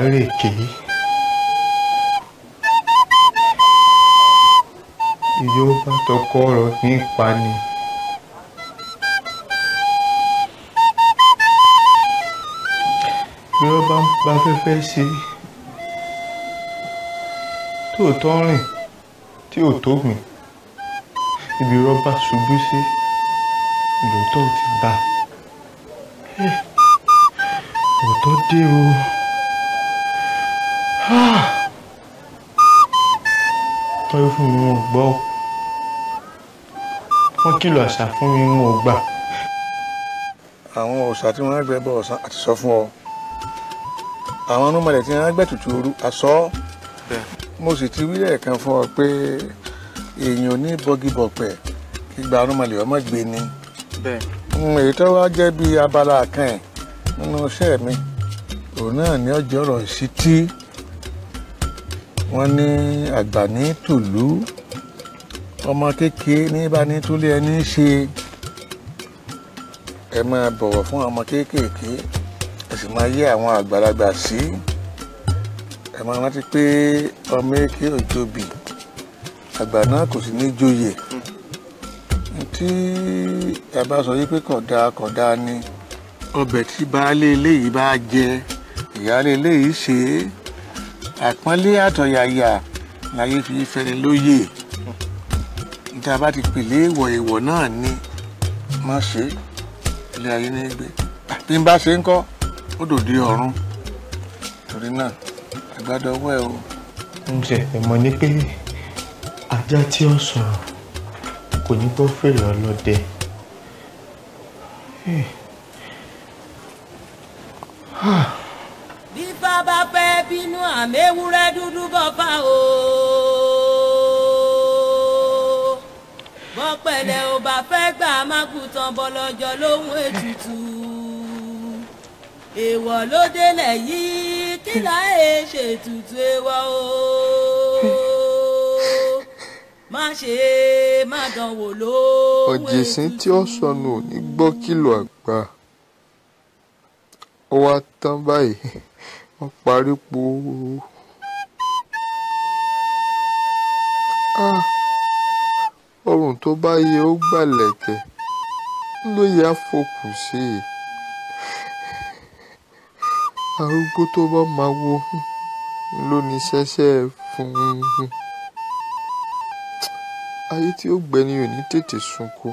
ìgbárèké yóò bá tọkọ ọ̀rọ̀ nípa ni. bí wọ́n bá ń pa afẹ́fẹ́ sí i tóòtọ́ rìn tí ò tó gbìn ibi rọ́bà ṣubú sí lòótọ́ ò ti bá òótọ́ dé o. wọ́n wí fún mi wọn ò gbọ́ wọ́n kìlọ̀ àṣà fún mi wọn ò gbà. àwọn ọ̀sà tí wọ́n á gbẹ bọ ọ̀sán àti sọ fún ọ àwọn anúmọ̀lẹ̀ tí wọ́n á gbẹ tutù ooru àsọ mo sì ti wí lẹ́ẹ̀kan fún ọ pé èèyàn ò ní bọgibọ̀pẹ̀ ìgbà anúmọ̀lẹ̀ ọmọ gbé ni èyí tó wá jẹ́ bí abala kan nínú iṣẹ́ mi òun náà ni ọjọ́ ọ̀rọ̀ ìṣítí wọ́n ní àgbà ní tùlú ọmọ kékeré ní bá ní túlé ẹni ṣe ẹ máa bọ̀wọ̀ fún ọmọ kéékèèké ẹ sì máa yẹ àwọn àgbàlagbà sí ẹ máa rántí pé ọmọ èké òjòbí àgbà náà kò sì ní joyè tí ẹ bá sọ yí pé kódà kódà ni ọbẹ̀ tí baálé ilé yìí bá jẹ ìyáálé ilé ṣe é. àpọ́nlé àtọ̀yàyà láyé fi fẹ́ni lóye níta bá ti pèlè ìwọ̀ ìwọ̀ náà ni má ṣe ilé ayé ní gbé bí n bá ṣe ń kọ́ ó dòde ọ̀run torí náà àgbàdo ọwọ́ ẹ o. kò ní ọlọ́dẹ. bínú àmẹ́wúrẹ́ dúdú bọ́fà o. bọ́pẹ̀lẹ̀ ò bá fẹ́ gbà mágùtàn bọ́lọ́jọ́ lóhun ètùtù. èèwọ̀ ló délẹ̀ yìí kí láyé ṣètùtù èèwọ̀ o. má ṣe má dánwò lóhun ètùtù. ọ̀jẹ̀sìn tí ó sọnù ò ní gbọ́ kìlọ̀ àgbà ó wá tán báyìí wọ́n parí po. Ah, ọrùn tó bá yẹ ó gbàlẹ̀kẹ̀ ló yẹ àfokù sí i arúgbó tó bá máa wo ló ní ṣẹ̀ṣẹ̀ fún un ayé tí ó gbẹni ò ní tètè sunko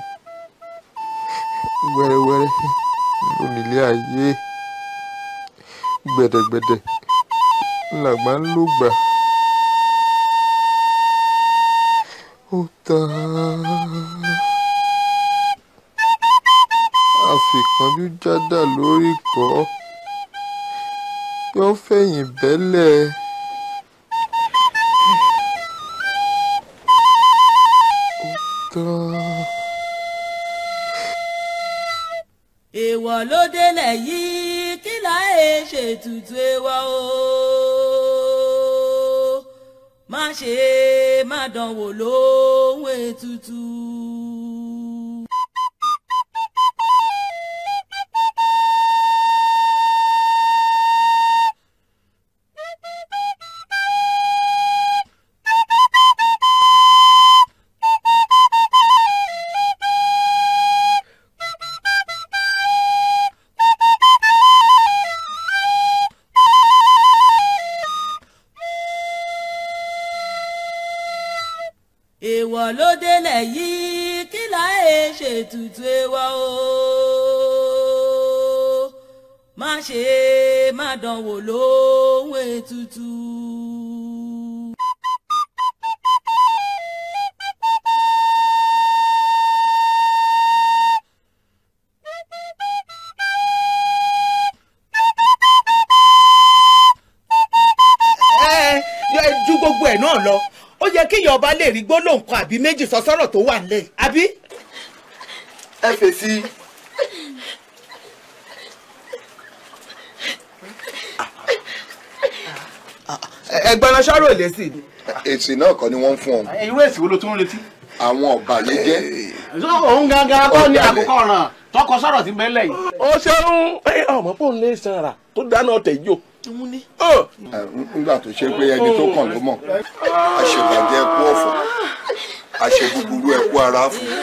wẹ́rẹ́wẹ́rẹ́ lónílé ayé gbẹ̀dẹ̀gbẹ̀dẹ̀ làgbà ń lò gbà. ó ta àfikànjú jádà lórí kọ́ yóò fẹ̀yìn bẹ́lẹ̀. èèwọ̀ ló délẹ̀ yìí ṣètùtù ewa o má ṣe má dánwò lóhùn ètùtù. má dánwò lóhùn ètùtù. ju gbogbo ẹ̀ náà lọ ó yẹ kí ìyọba lè rí gbólóǹkan àbí méjì sọ sọ́rọ̀ tó wà nílẹ̀ àbí. ẹ fèsì. ẹ̀gbọ́n náà ṣọ́rọ̀ lé sí. èsì náà kọ́ ni wọ́n ń fún ọ. irú èsì wo ló tún ń retí. àwọn ọba yìí jẹ́. òun gangan kọ́ ni àkókò ọ̀ràn tọkọ sọ̀rọ̀ ti bẹ́ẹ̀ lẹ́yìn. ó ṣeun ọmọ pọ̀ ń lé sanra tó dáná ọ̀tẹ̀ yìí o nígbà tó ṣe pé ẹni tó kàn ló mọ̀ àṣebàjẹ́ ẹkú ọ̀fọ̀ àṣebúburú ẹkú ara fún